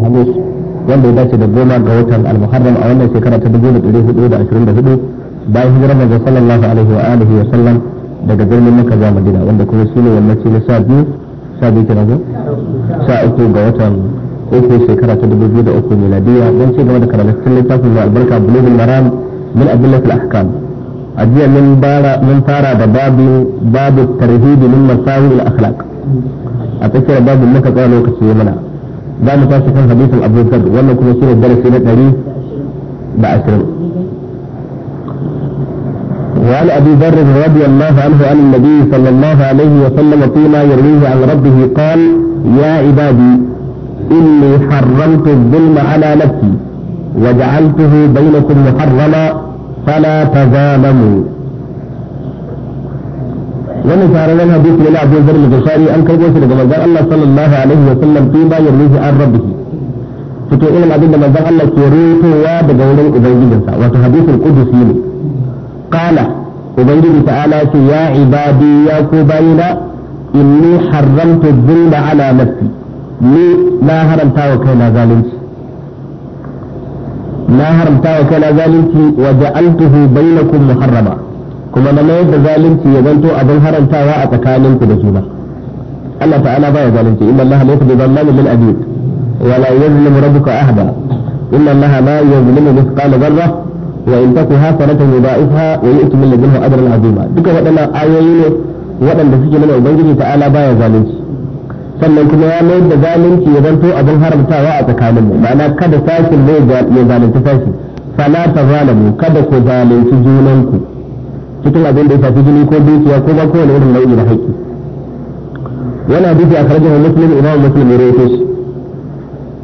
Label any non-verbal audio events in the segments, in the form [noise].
alhamis wanda ya dace da goma ga watan Al-Muharram a wannan shekara ta dubu da hudu da ashirin da hudu bayan hijirar manzo sallallahu alaihi wa alihi wa sallam daga birnin makka zuwa madina wanda kuma shi ne wannan na sha biyu sha biyu kenan ko sha uku ga watan uku shekara ta dubu biyu da miladiya dan ce game da karatun littafin da albarka bulugul maram min al ahkam a bara min fara da babu babu tarhibi min masawi al akhlaq a tsakiyar babu muka tsaya lokaci mana za mu tashi kan hadisin abubakar wannan kuma shi ne darasi na ɗari da ashirin وعن ابي ذر رضي الله عنه عن النبي صلى الله عليه وسلم فيما يرويه عن ربه قال يا عبادي اني حرمت الظلم على نفسي وجعلته بينكم محرما فلا تظالموا wannan shahararren hadisi yana Abu Dharr al-Bukhari an karbo shi daga manzon Allah sallallahu alaihi wa sallam fi ba yarmihi an rabbih fito irin abin da manzon Allah ke rutowa daga wurin ubangijinsa wato hadisul qudusi ne qala ubangiji ta'ala ce ya ibadi ya ku bayina inni haramtu dhulma ala nafsi ni na haramta wa kaina zalunci na haramta wa kaina zalunci wa ja'altuhu bainakum muharrama kuma na mayar da zalunci ya zanto abin harantawa a tsakaninku da ba Allah ta'ala baya zalunci inna Allah laysa bi zallamin lil abid wa la yuzlimu rabbuka ahada inna Allah la yuzlimu mithqala dharrah wa in taku hasanatan yudha'ifha wa yu'ti min ladunhu ajran 'azima duka waɗannan ayoyi ne waɗanda suke nuna ubangiji ta'ala baya zalunci sannan kuma ya mayar da zalunci ya zanto abin haramtawa a tsakaninmu ma'ana kada sashin ne ya zalunci sashi fala ta zalamu kada ku zalunci junanku cikin abin da ya shafi jini ko dukiya ko ba kowane irin nau'i na haƙƙi wani hadisi a karjin muslim imam muslim ya rawaito shi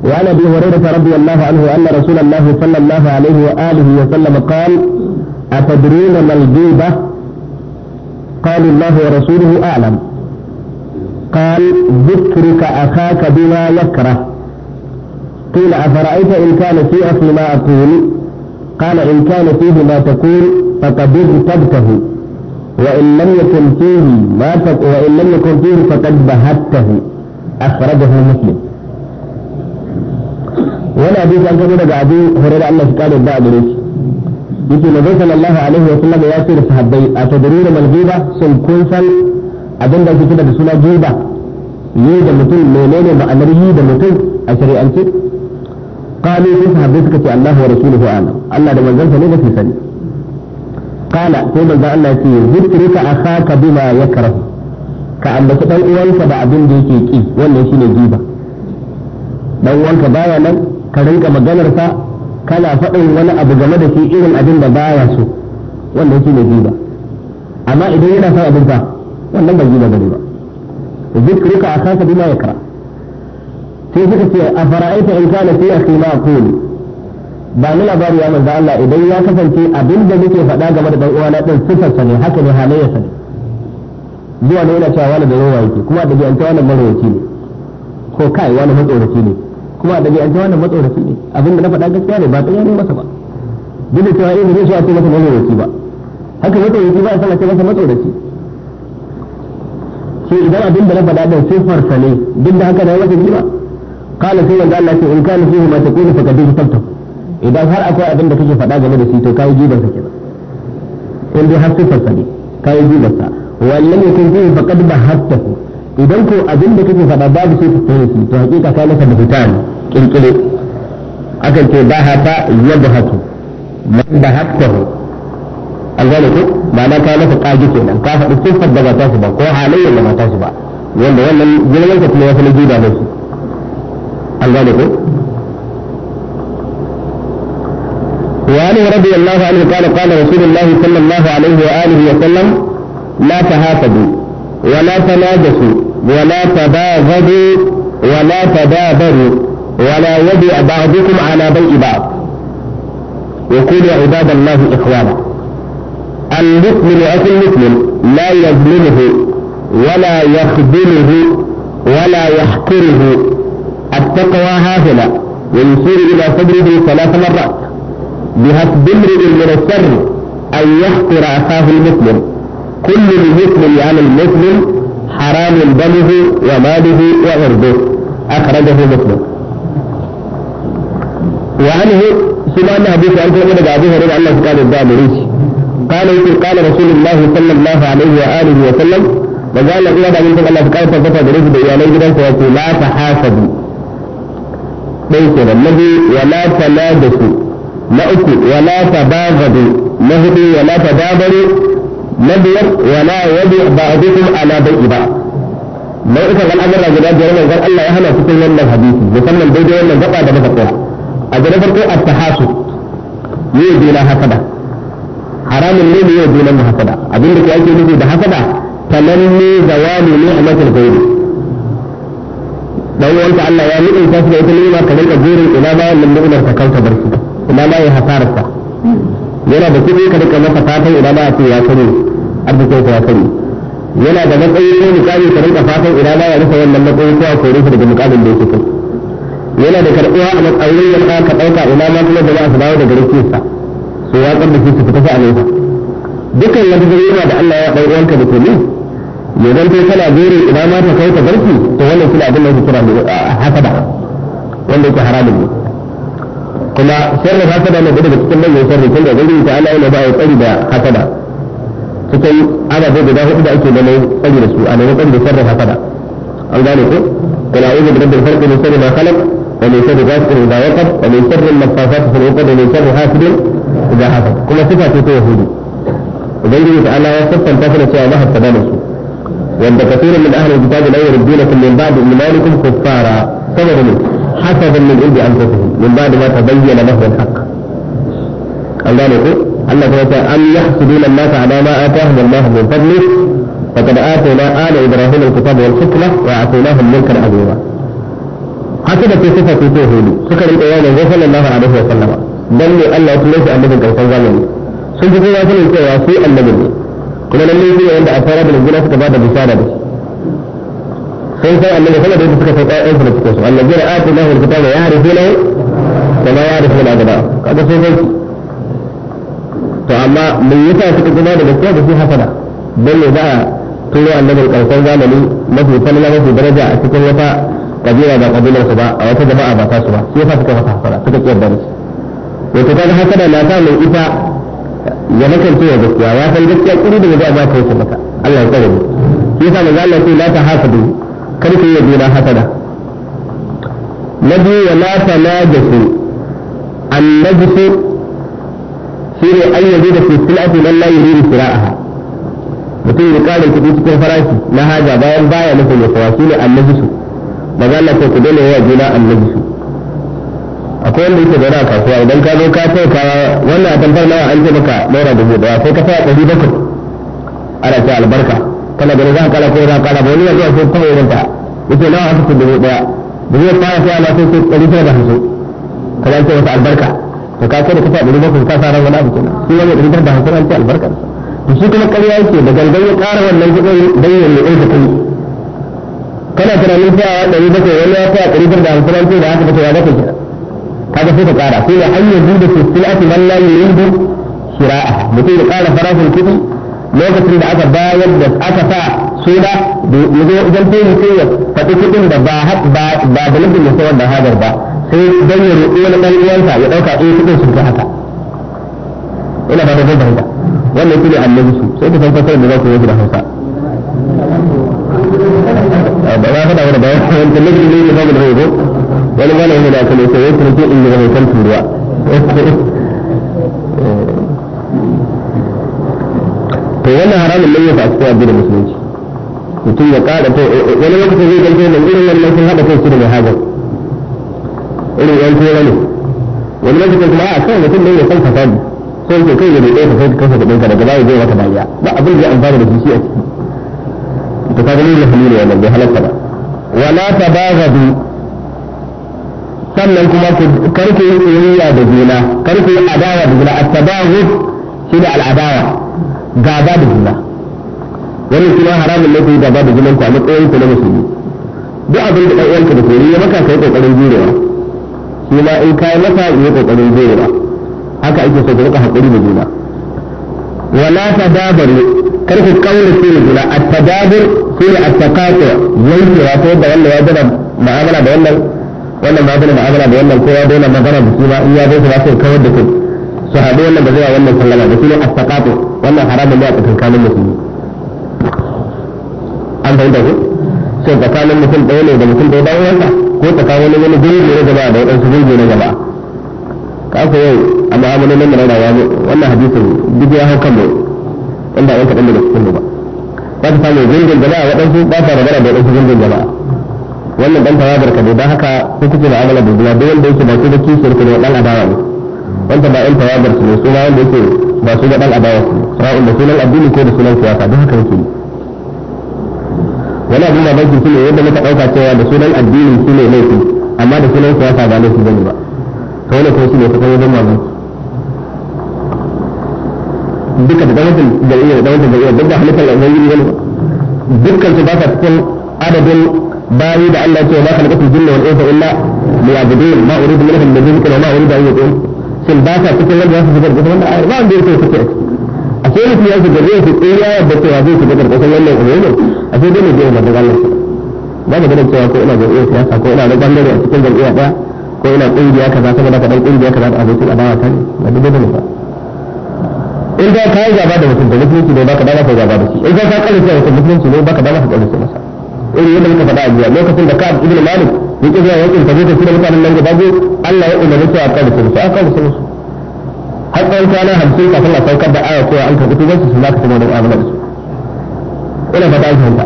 وعن ابي هريره رضي الله عنه ان رسول الله صلى الله عليه واله وسلم قال اتدرون ما الغيبه قال الله ورسوله اعلم قال ذكرك اخاك بما يكره قيل افرايت ان كان في اصل ما اقول قال ان كان فيه ما تقول فقد اغتبته وإن لم يكن فيه ما فك... وإن لم يكن فيه فقد بهته أخرجه مسلم ولا أبي كان كبير قاعدي هرير أن أشكال الدعب ليش يقول النبي صلى الله عليه وسلم يأتي صحابي أتدرون من الغيبه؟ سن كنسل أدن دا كتنا بسنا جيبة يوجد مطل مينين وأمره يوجد مطل أشري أنت قالوا في صحابي الله ورسوله آمن الله دمان زلسة في سنه. kala sai manzo Allah ya ce zikrika akhaka bima yakrah ka ambaci dan uwanka da abin da yake ki wannan shine giba dan uwanka baya nan ka rinka maganar kana faɗin wani abu game da shi irin abin da baya so wannan shine giba amma idan yana son abin fa wannan ba giba bane ba zikrika bima sai suka a fara'aita in kana fi akhi ma aqulu ba ni labari ya manzo Allah idan ya kasance abin da muke faɗa game da dan uwana din sifarsa ne haka ne halayyarsa ne zuwa ne yana cewa wani da yawa yake kuma da bi'anta wannan marwaci ne ko kai wani matsoraci ne kuma da bi'anta wannan matsoraci ne abin da na faɗa gaskiya ne ba ɗan ne masa ba duk da cewa irin zai so a ce masa marwaci ba haka matsoraci ba a san ce masa matsoraci sai idan abin da na faɗa da sifarsa ne duk da haka da ya masa ba قال سيدنا الله إن كان فيه ما تقول فقد اجتبته idan har akwai abin da kake faɗa game da shi to kai gibar ka kenan in dai har sifar sa ne kai gibar sa wallan yakun fihi faqad idan ko abin da kake faɗa babu shi ka kai shi to hakika kai masa buhutan kinkire akan ce bahata yabhatu man hatta an gane ko ma'ana kai masa kaji kenan ka faɗi sifar da ba ta shi ba ko halayyar da ba ta shi ba wanda wannan girman ka kuma ya fi na jiba ne shi an gane ko وعلي رضي الله عنه قال قال رسول الله صلى الله عليه وآله وسلم لا تهافدوا ولا تناجسوا ولا تباغضوا ولا تدابروا ولا يبيع بعضكم على بيع بعض يا عباد الله إخوانا المسلم أخو المسلم لا يظلمه ولا يخذله ولا يحقره التقوى هاهنا ويشير إلى صدره ثلاث مرات بهب امرئ من الشر أن يحقر أخاه المسلم كل المسلم على يعني المسلم حرام دمه وماله وعرضه أخرجه مسلم وعنه سمعنا حديث عن كلمة أبي هريرة الله تعالى الدامريش قال إيه؟ قال رسول الله صلى الله عليه وآله وسلم وقال إلى بعد ذلك الله كيف فقط بريد بإيالي جدا فيقول لا تحاسبوا ليس الذي ولا تنادسوا na uku wala ta tabagadu na hudu wala ta dabaru, na biyar wala wadi ba'dukum ala bai'i ba nau'ikan al'amura guda biyar manzon Allah ya hana cikin wannan hadisi musamman daidai wannan gaba da muka tsaya a gaba farko at-tahasu ne juna hasada haramun ne ne junan hasada abin da ake nufi da hasada da wani tamanni zawali ni'matul ghairi dan uwanta Allah ya nuna ta da ita ne ma kamar da gurin ina ba wannan ni'mar ta kauta barki ina ma ya hasararsa yana da kuɗi ka rika masa fatan ina ma a ce ya kare arzikin sa ya kare yana da matsayi ko mukami ka rinka fatan ina ma ya rufe wannan matsayi ko a kore shi daga mukamin da yake yana da karɓuwa a matsayin yanka ka ɗauka ina ma kuma jama'a su dawo daga rikinsa su ya da shi su fita shi a laifa dukkan wata zuriyar da Allah ya ɗan uwanka da tuni ya zanto kana jere ina ma ta kai ta barki to wannan kina abin da yake kira hasada wanda yake haramun ne kuma haka da na daga cikin manyan sharri da ubangiji ta ala yana ba ya tsari da hasada cikin ababe guda hudu da ake da neman tsari da su a nan tsari da haka da an gane ko yi da da قل أعوذ برب الفلق من شر ما خلق da شر غاسق إذا وقب ne شر النفاثات في العقد ومن da حاسد إذا حسد كما صفة يهودي ubangiji ta ala ya sassanta su da cewa ba haka da su wanda kafirin min ahlul kitabi la yurduna kum min ba'd imanikum kuffara saboda حسدا من عند أنفسهم من بعد ما تبين لهم الحق قال ذلك الله تعالى أم يحسدون الناس على ما آتاهم الله من فضله فقد آتينا آل إبراهيم الكتاب والحكمة وآتيناهم ملكا عظيما حسد في صفة توحيدي سكر الإيمان صلى الله عليه وسلم دل الله يطلق أنه كالفن زمني سنجد الله سنجد الله سنجد الله kuma lallai shi ne wanda a tsara da gina suka ba da bisara da shi sun san annabi sama da yadda suka san ƴaƴansu da suke so allazina atainahu alkitaba ya'rifunahu kama ya'rifuna abna kaga sun san to amma me yasa suka gina da gaskiya da su hasada dan ne za a turo annabin karshen zamani mafi falala mafi daraja a cikin wata kabila ba kabilar su ba a wata jama'a ba ta su ba shi yasa suka masa hasada suka kiyar da shi wato kaga hasada na sa mai ita ya makance wa gaskiya ya san gaskiya kiri da ba za a ba ta yi maka Allah ya tsare mu shi yasa manzo Allah ya ce la ta hasadu kar ku yi juna hasada na biyu wa la tanajasu annajisu shine an yaje da silati man la yuridu sira'aha mutum ya ƙara kuɗi cikin farashi na haja bayan baya nufin ya kawa shine annajisu ba za ko ku dole yawa juna annajisu akwai wanda yake zaune a kasuwa idan ka zo ka tauka wannan a tamfar nawa an ce maka naira dubu daya sai ka sa ɗari bakwai ana ce albarka kala gari zan kala ko zan kala ba wani yanzu kuma irin ta yace nawa aka kudu daya da zai fara sai Allah sai ɗari da hamsin kaza ce wata albarka to ka kada kafa ɗari bakwai ka fara ran wani abu shi wani ɗari da an albarka to shi kuma ƙarya yake da gangan ya ƙara wannan kuɗin bayyana ne ɗaya kai kana tunanin cewa ɗari bakwai wani ya sa ɗari tara da hamsin an da haka bace ya bakwai kaga sai ka ƙara sai da hanyar da ke man la yuridu shira'a mutum ya ƙara farashin kuɗi lokacin da aka bayar da aka sa suna da yazo idan ta yi ya faɗi kuɗin da ba ba ba da ya sayar da hajar ba sai dan ya roƙi wani ɗan uwansa ya ɗauka eh kuɗin sun fi haka ina ba da zan fahimta wannan shi ne annabi su sai ka san fasar da za ku yi da hausa ba za ka da wani bayan ya da hoto wani ba na da aka ne sai ya turuwa [laughs] eh. to wannan haramun ne yasa a cikin addinin musulunci mutum ya kada to wani lokaci zai ganto da irin wannan sun hada kai su da hajar irin yan tura ne wani lokaci kuma a kan mutum ne ya san fasadi sai ke kai ya dai ka sai ka kasa kudin ka daga baya zai maka baya ba abin da ya amfana da shi shi a ciki to kaga ne ya halilu wannan bai halatta ba wala tabaghadu sannan kuma karku yi soyayya da juna karku yi adawa da juna at-tabaghud shi da al-adawa gaba da juna wannan kuma haramun ne ku gaba da junan ku a matsayin ku na musulmi duk abin da ɗan uwanka da kori ya maka kai kokarin jurewa shi ma in kai maka yi kokarin jurewa haka ake so ku rika hakuri da juna wala tadabaru kar ku kaura ce da juna at-tadabur shi ne at-taqatu yankewa ta yadda wannan ya gana ma'amala da wannan wannan ma da wannan kowa dole magana da shi ba in ya zo ba sai kawar da kai su haɗu wannan ba zai yi wannan sallama da shi ne asakatu wannan haramun ne a tsakankanin musulmi an fahimta ku so tsakanin mutum ɗaya ne da mutum ɗaya bayan wanka ko tsakanin wani gurbi na gaba da waɗansu gurbi na gaba ka ku yau a nan da rayuwa wannan hadisin duk ya hau kanmu inda an kaɗan daga cikin mu ba za ka samu gurgin jama'a waɗansu ba sa magana da waɗansu gurgin gaba wannan ɗan tawagar ka ne don haka hukuncin da amala da duk wanda yake ba su da kishiyar ku ɗan adawa ne wanda ba yan tawagar su ne suna wanda yake ba su ga dan adawa su sa'un da sunan addini ko da sunan siyasa duk haka yake wani abin mamaki shi ne yadda muka ɗauka cewa da sunan addini su ne laifi amma da sunan siyasa ba laifi bane ba to wani ko su ne ta kanyar mamaki duka da dawatin jam'iyyar dawatin jam'iyyar duk da halittar ubangiji wani dukkan su ba sa cikin adadin bayi da Allah ya ce ma khalaqatul jinna wal insa illa liya'budun ma uridu minhum min rizqin wa ma uridu an yut'im shin ba sa cikin wanda su shiga ƙarƙashin wannan ayar ba wanda yake suke a sai mutum ya shiga zai shiga ya yadda cewa zai shiga ƙarƙashin wannan umumin a sai dole zai umarni wannan ba mu ganin cewa ko ina jam'iyyar siyasa ko ina da bangare a cikin jam'iyya ɗaya ko ina ƙungiya kaza saboda kaɗan ƙungiya kaza da abokin adawa ta ne ba duk dole ba in da ka yi gaba da mutum da mutunci ne baka dama ka gaba da shi in ka ka ƙarfi da mutum mutunci ne baka dama ka ƙarfi masa irin yadda muka faɗa a jiya lokacin da ka ibn malik ya ƙi zuwa yakin tabuka shi da mutanen nan gaba biyu Allah ya umarni su a kawo su su a kawo su har tsawon kwana hamsin kafin a saukar da aya cewa an karɓi tuban su su za ka tuma da amana da su ina fata an hanta.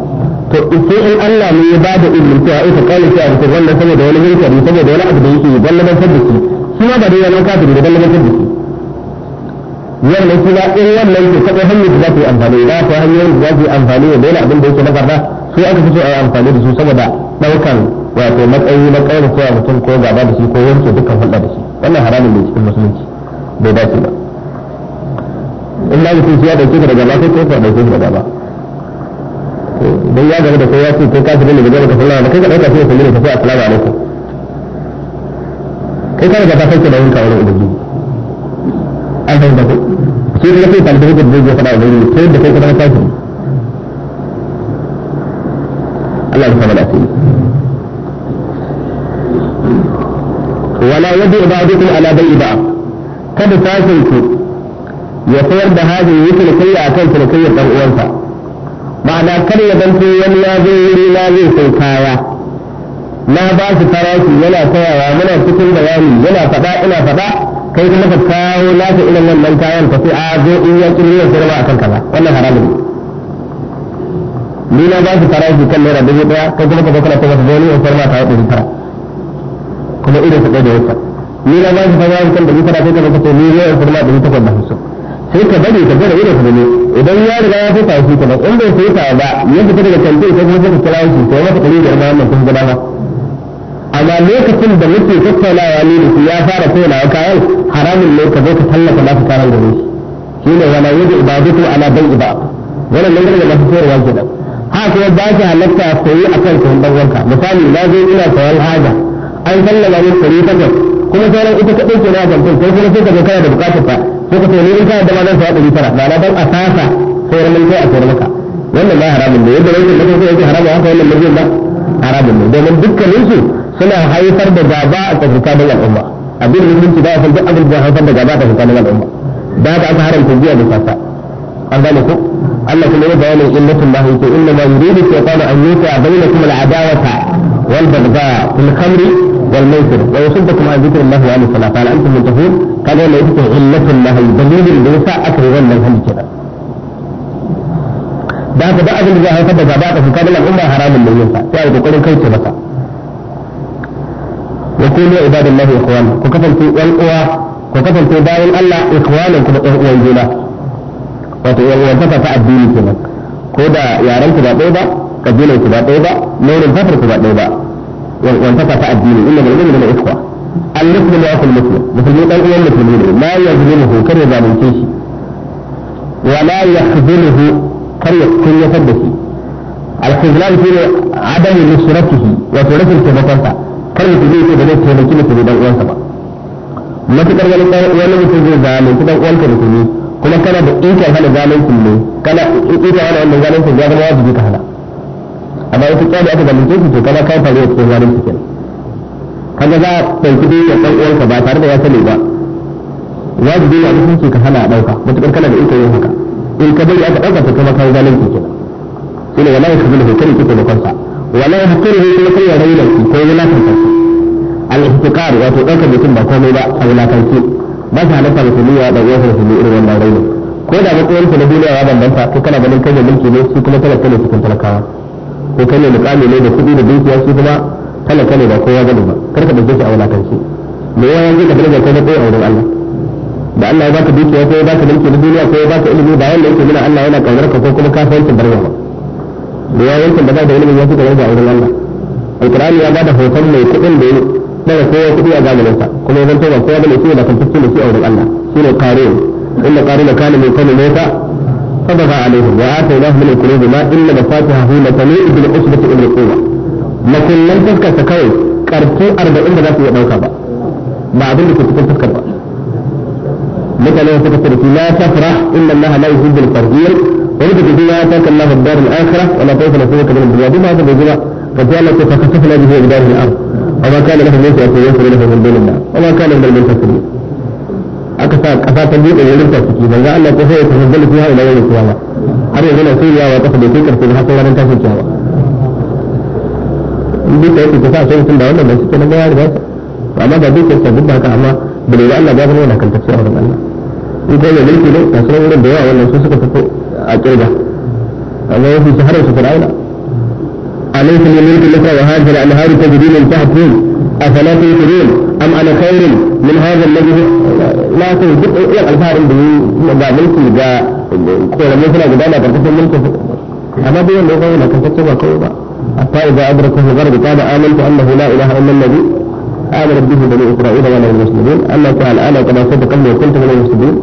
to sai in Allah ne ya ba da ilmin cewa ai ka kawo shi a cikin wannan saboda wani hinkari saboda wani abu da yake gallabantar da shi shi ma ba dai yana kafin da gallabantar da shi wannan kuma in wannan ke kaɗai hanyar da za su yi amfani da ta hanyoyin da za su yi amfani da dole abin da yake na karɓa sai aka fi so a yi amfani da su saboda ɗaukar wato matsayi na kaura cewa mutum ko gaba da shi ko yanke dukkan hulɗa da shi wannan haramun ne cikin musulunci bai dace ba in ma mutum ya dauke ka daga ba kai ko ka dauke ka daga ba idan ya gaba da kai ya ce kai ka shirin da gaba ka sallama kai ka dauka sai ka sallama ka sai assalamu alaikum kai ka riga ka sauke da yin kawo ubangiji an san da kai sai ka kai talibai da zai faɗa ubangiji sai da kai ka zama kafiri Allah ya saba da asiri wala yadda ibadukum ala bai ba kada sashin ku ya sayar da hajji yi cinikayya akan cinikayyar dan uwansa ma'ana kar ya zanto wani ya zo wuri na zai sai kaya na ba su farashi yana sayawa muna cikin bayani yana faɗa ina faɗa kai kuma ka kawo naka irin wannan kayan ka sai a zo in ya kiri ya sayarwa akan kaza wannan haramun ni na ba su farashi kan naira dubu ɗaya kai kuma ka zo kana sayarwa ta zo ni ya sayarwa ta yi ɗari tara kuma irin su ɗaya da yasa ni na ba shi fa yawon kan da ni fara kai ka ce ni yawon su da ni takwas da hamsin sai ka bari ka gane irin su ne idan ya riga ya fita shi kuma in bai sai ta ba ya fita daga kanti ko kuma sai ka kira shi sai maka ɗari biyar ma wannan kun gaba ba amma lokacin da muke tattaunawa ne da su ya fara tona kayan haramun ne ka zo ka tallata nasu kayan da shi shine wala yadda ibadatu ala bai'i ba wannan nan da masu ke kenan haka kuma ba shi halatta koyi a kan dan bangonka. misali na zo ina sayan haja an sallama ne kare takwas kuma sauran ita kaɗai ke na jamfin sai kuma sai ka zo kana da bukatar ta ko ka sai ne in kana da ma zan saya ɗari tara ba na dan a sasa sauran mun kai a sayar maka wannan ba haramun ne yadda rashin mutum sai yake haramun haka wannan mulkin ba haramun ne domin dukkanin su suna haifar da gaba a tsakanin al'umma abin mutunci ba a san duk abin haifar da gaba a tsakanin al'umma da haka aka haramta biya da sasa an gane ku. Allah kuma ya bayyana ba inna ma yuridu shaytanu an yuqa bainakum al'adawata wal baghdha fil khamri والميسر لو عن ذكر الله وعن الصلاة قال أنتم منتهون قال إلا يفتح علة الله اللي الوفاء اكثر من هم كذا بعد بعض الجاه فبدأ بعض في قبل الأمة حرام من ينفع تعالوا بقول كيف بقى وكونوا عباد الله إخوانا وكفلت والقوى وكفلت باوي الله إخوانا وانجونا وانتفى فأدينك لك كودا يا رمت بعد ايضا قبيلة بعد ايضا نور الفطر بعد ايضا وانتفع الدين إلا بالإيمان من الإخوة المسلم يأخذ المسلم مسلمين أو أيام المسلمين لا يظلمه كر ظالمتيش ولا يخذله كر كر يفدسي الخذلان فيه عدم نصرته وترك التبطنسة كر يتبيه في بدأت تهلكين في بدأت وانتفع matukar wani wani mutum zai zalunci dan uwanka musulmi kuma kana da ikon hana zalunci ne kana ikon hana wannan zalunci ya zama wajibi ka hana amma ita da aka zalunce shi to kaga kai fare cikin zalunci kenan kaga za a kudi dukiyar ɗan uwanka ba tare da ya sani ba wajibi ne a mutunci ka hana dauka ɗauka kana da iko yin haka in ka bari aka dauka to kuma kai zalunci kenan shi ne wallahi kabila ko kare kike da kansa wallahi hakuri ne ko kai raina ki ko yana kansa al-ihtiqar wa to dauka mutum ba komai ba a wala kanki ba sa halatta musulmi da ɗauki da musulmi irin wannan raina ko da ba matsayinsa na duniya ya bambanta ko kana ganin kai da mulki ne su kuma talaka ne cikin talakawa ko kai ne mukami ne da kuɗi da dukiya shi kuma talaka ne ba kowa bane ba kar ka dauke shi a wulakanci me yawa yanzu ka daraja kai na tsaye a wurin Allah da Allah ya baka dukiya ko ya baka mulki na duniya ko ya baka ilimi ba wanda yake nuna Allah yana kaunar ka ko kuma kasuwancin barwa ba da yawa yankin da ba da ilimin ya fi daraja a wurin Allah alqur'ani ya bada hoton mai kuɗin da ya daga kowa kuɗi a zamanin sa kuma ya zanto ba kowa bane shi ne da kan fitin da shi a wurin Allah shine qarin inna qarina kana min qawmi musa فبغى عليهم وآتيناه من الكنوز ما إن مفاتحه لتنوء بالعصبة إلى القوة لكن لم تذكر تكوي كرتو أربعين في يدوك با بعد اللي كنت تذكر بقى مثلا يتفكر لا تفرح إن الله لا يحب الفرجير ولد بجنا أتاك الله الدار الآخرة ولا طيف نصيبك من الدنيا بما هذا بجنا فجعلت فخسفنا به بدار الأرض وما كان له من يسعى يسر له من دون الله وما كان من المنتصرين aka sa kasa ta bude ne rinta ciki ban ga Allah ko sai ya tafaddala fiha ila yawm al-qiyamah har yanzu na sai ya wa kafa da kai karfe har sai ranar tashin kiyama in duk da yake ta sa sai mutum da wannan ba shi kenan ba ya riga ta amma ba duk da duk da haka amma da da Allah ba zama kan tafsir wurin Allah in ko da mulki ne kasu wurin da yawa wannan su suka fito a kirga amma wasu su har su fir'auna alaysa lil mulki laka wa hadhihi al-anharu tajri min tahtihi afala taqilun أم أنا خير من هذا الذي لا تنزق إلى الفار به ملكي جاء كورا مثلا قدانا تنقص ملكه أما بيان لو قولا كفتبا قولا حتى إذا أدركه الغرب قال آمنت أنه لا إله إلا الذي آمن به بني إسرائيل وأنا من المسلمين أما قال أنا كما صدق أني كنت من المسلمين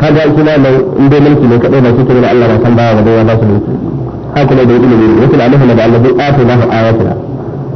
قال kina mai in dai mulki ne kadai ba cikin Allah ba san ba wa da ya ba su mulki haka ne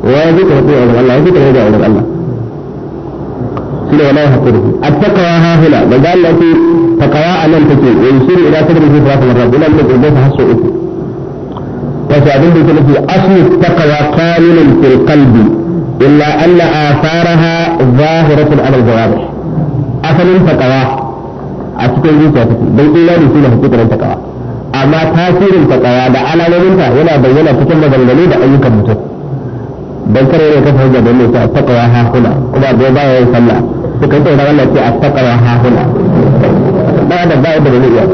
wa zai ka haƙuri wajen Allah wa zai ka haƙuri wajen Allah shi ne wala ya haƙuri attakawa ha hula da ga Allah ce takawa a nan take yin shiri idan ta gudunsu fara kamar rabu nan da gudunsu har sau uku wasu abin da ke nufi asu takawa kalilin fil kalbi illa Allah a fara ha zahiratun alal jawabi asalin takawa a cikin zuciya take don ila da shi ne haƙuri takawa amma tasirin takawa da alamominta yana bayyana cikin maganganu da ayyukan mutum dan kare ne ka hujja da mai ta taqwa ha huna kuma da ba ya sallah to kai tsoron Allah ce a taqwa ha huna ba da ba da ne ya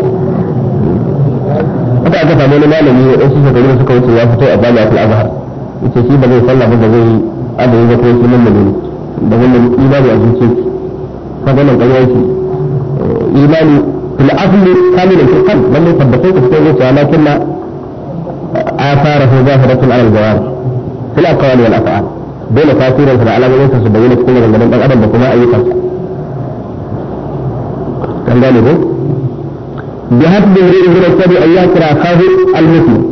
haka aka samu wani malami ya ɗan suka gari suka wuce ya fito a bala al azhar yace shi ba zai sallah ba zai abu ya ko sunan da ne da wannan imani a zuciya ka ga nan ƙarya shi imani fil afli kamilin fil qalb lalle tabbatai ka cikin ya lakinna atharahu zahiratun ala al jawar في الأقوال والأفعال دول تأثيرا في على وليس سبيل كل من بدن أبدا بكما أي فرق كان ذلك بحسب غير من السبي أن يأكل أخاه المسلم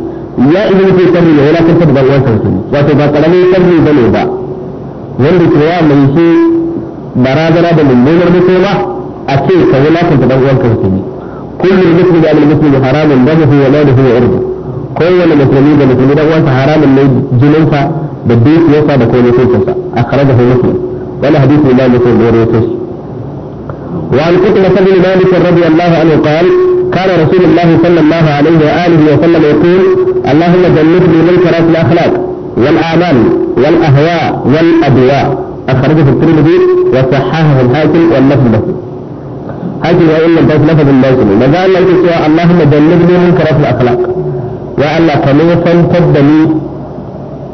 يا ابن في سبيل ولكن تبقى وانت مسلم وتبقى قلمي سبيل بني با wanda من wa mai من دون المسلمة أكيد mutuwa a ce ka wulakanta dan uwanka musulmi kullum musulmi da al-muslimi haramun kowane musulmi da musulmi da uwansa haramun ne jininsa da dukiyarsa da komai tuntunsa a kharajahu muslim wani hadisi imam muslim da rawaito shi وعن قتلة بن مالك رضي الله عنه قال كان رسول الله صلى الله عليه وآله وسلم يقول اللهم جنبني منكرات الأخلاق والآمال والأهواء والأدواء أخرجه الترمذي وصححه الحاكم واللفظ حاكم وإن لم تلفظ البيت ما قال لك اللهم جنبني منكرات الأخلاق ya Allah ka nufantar da ni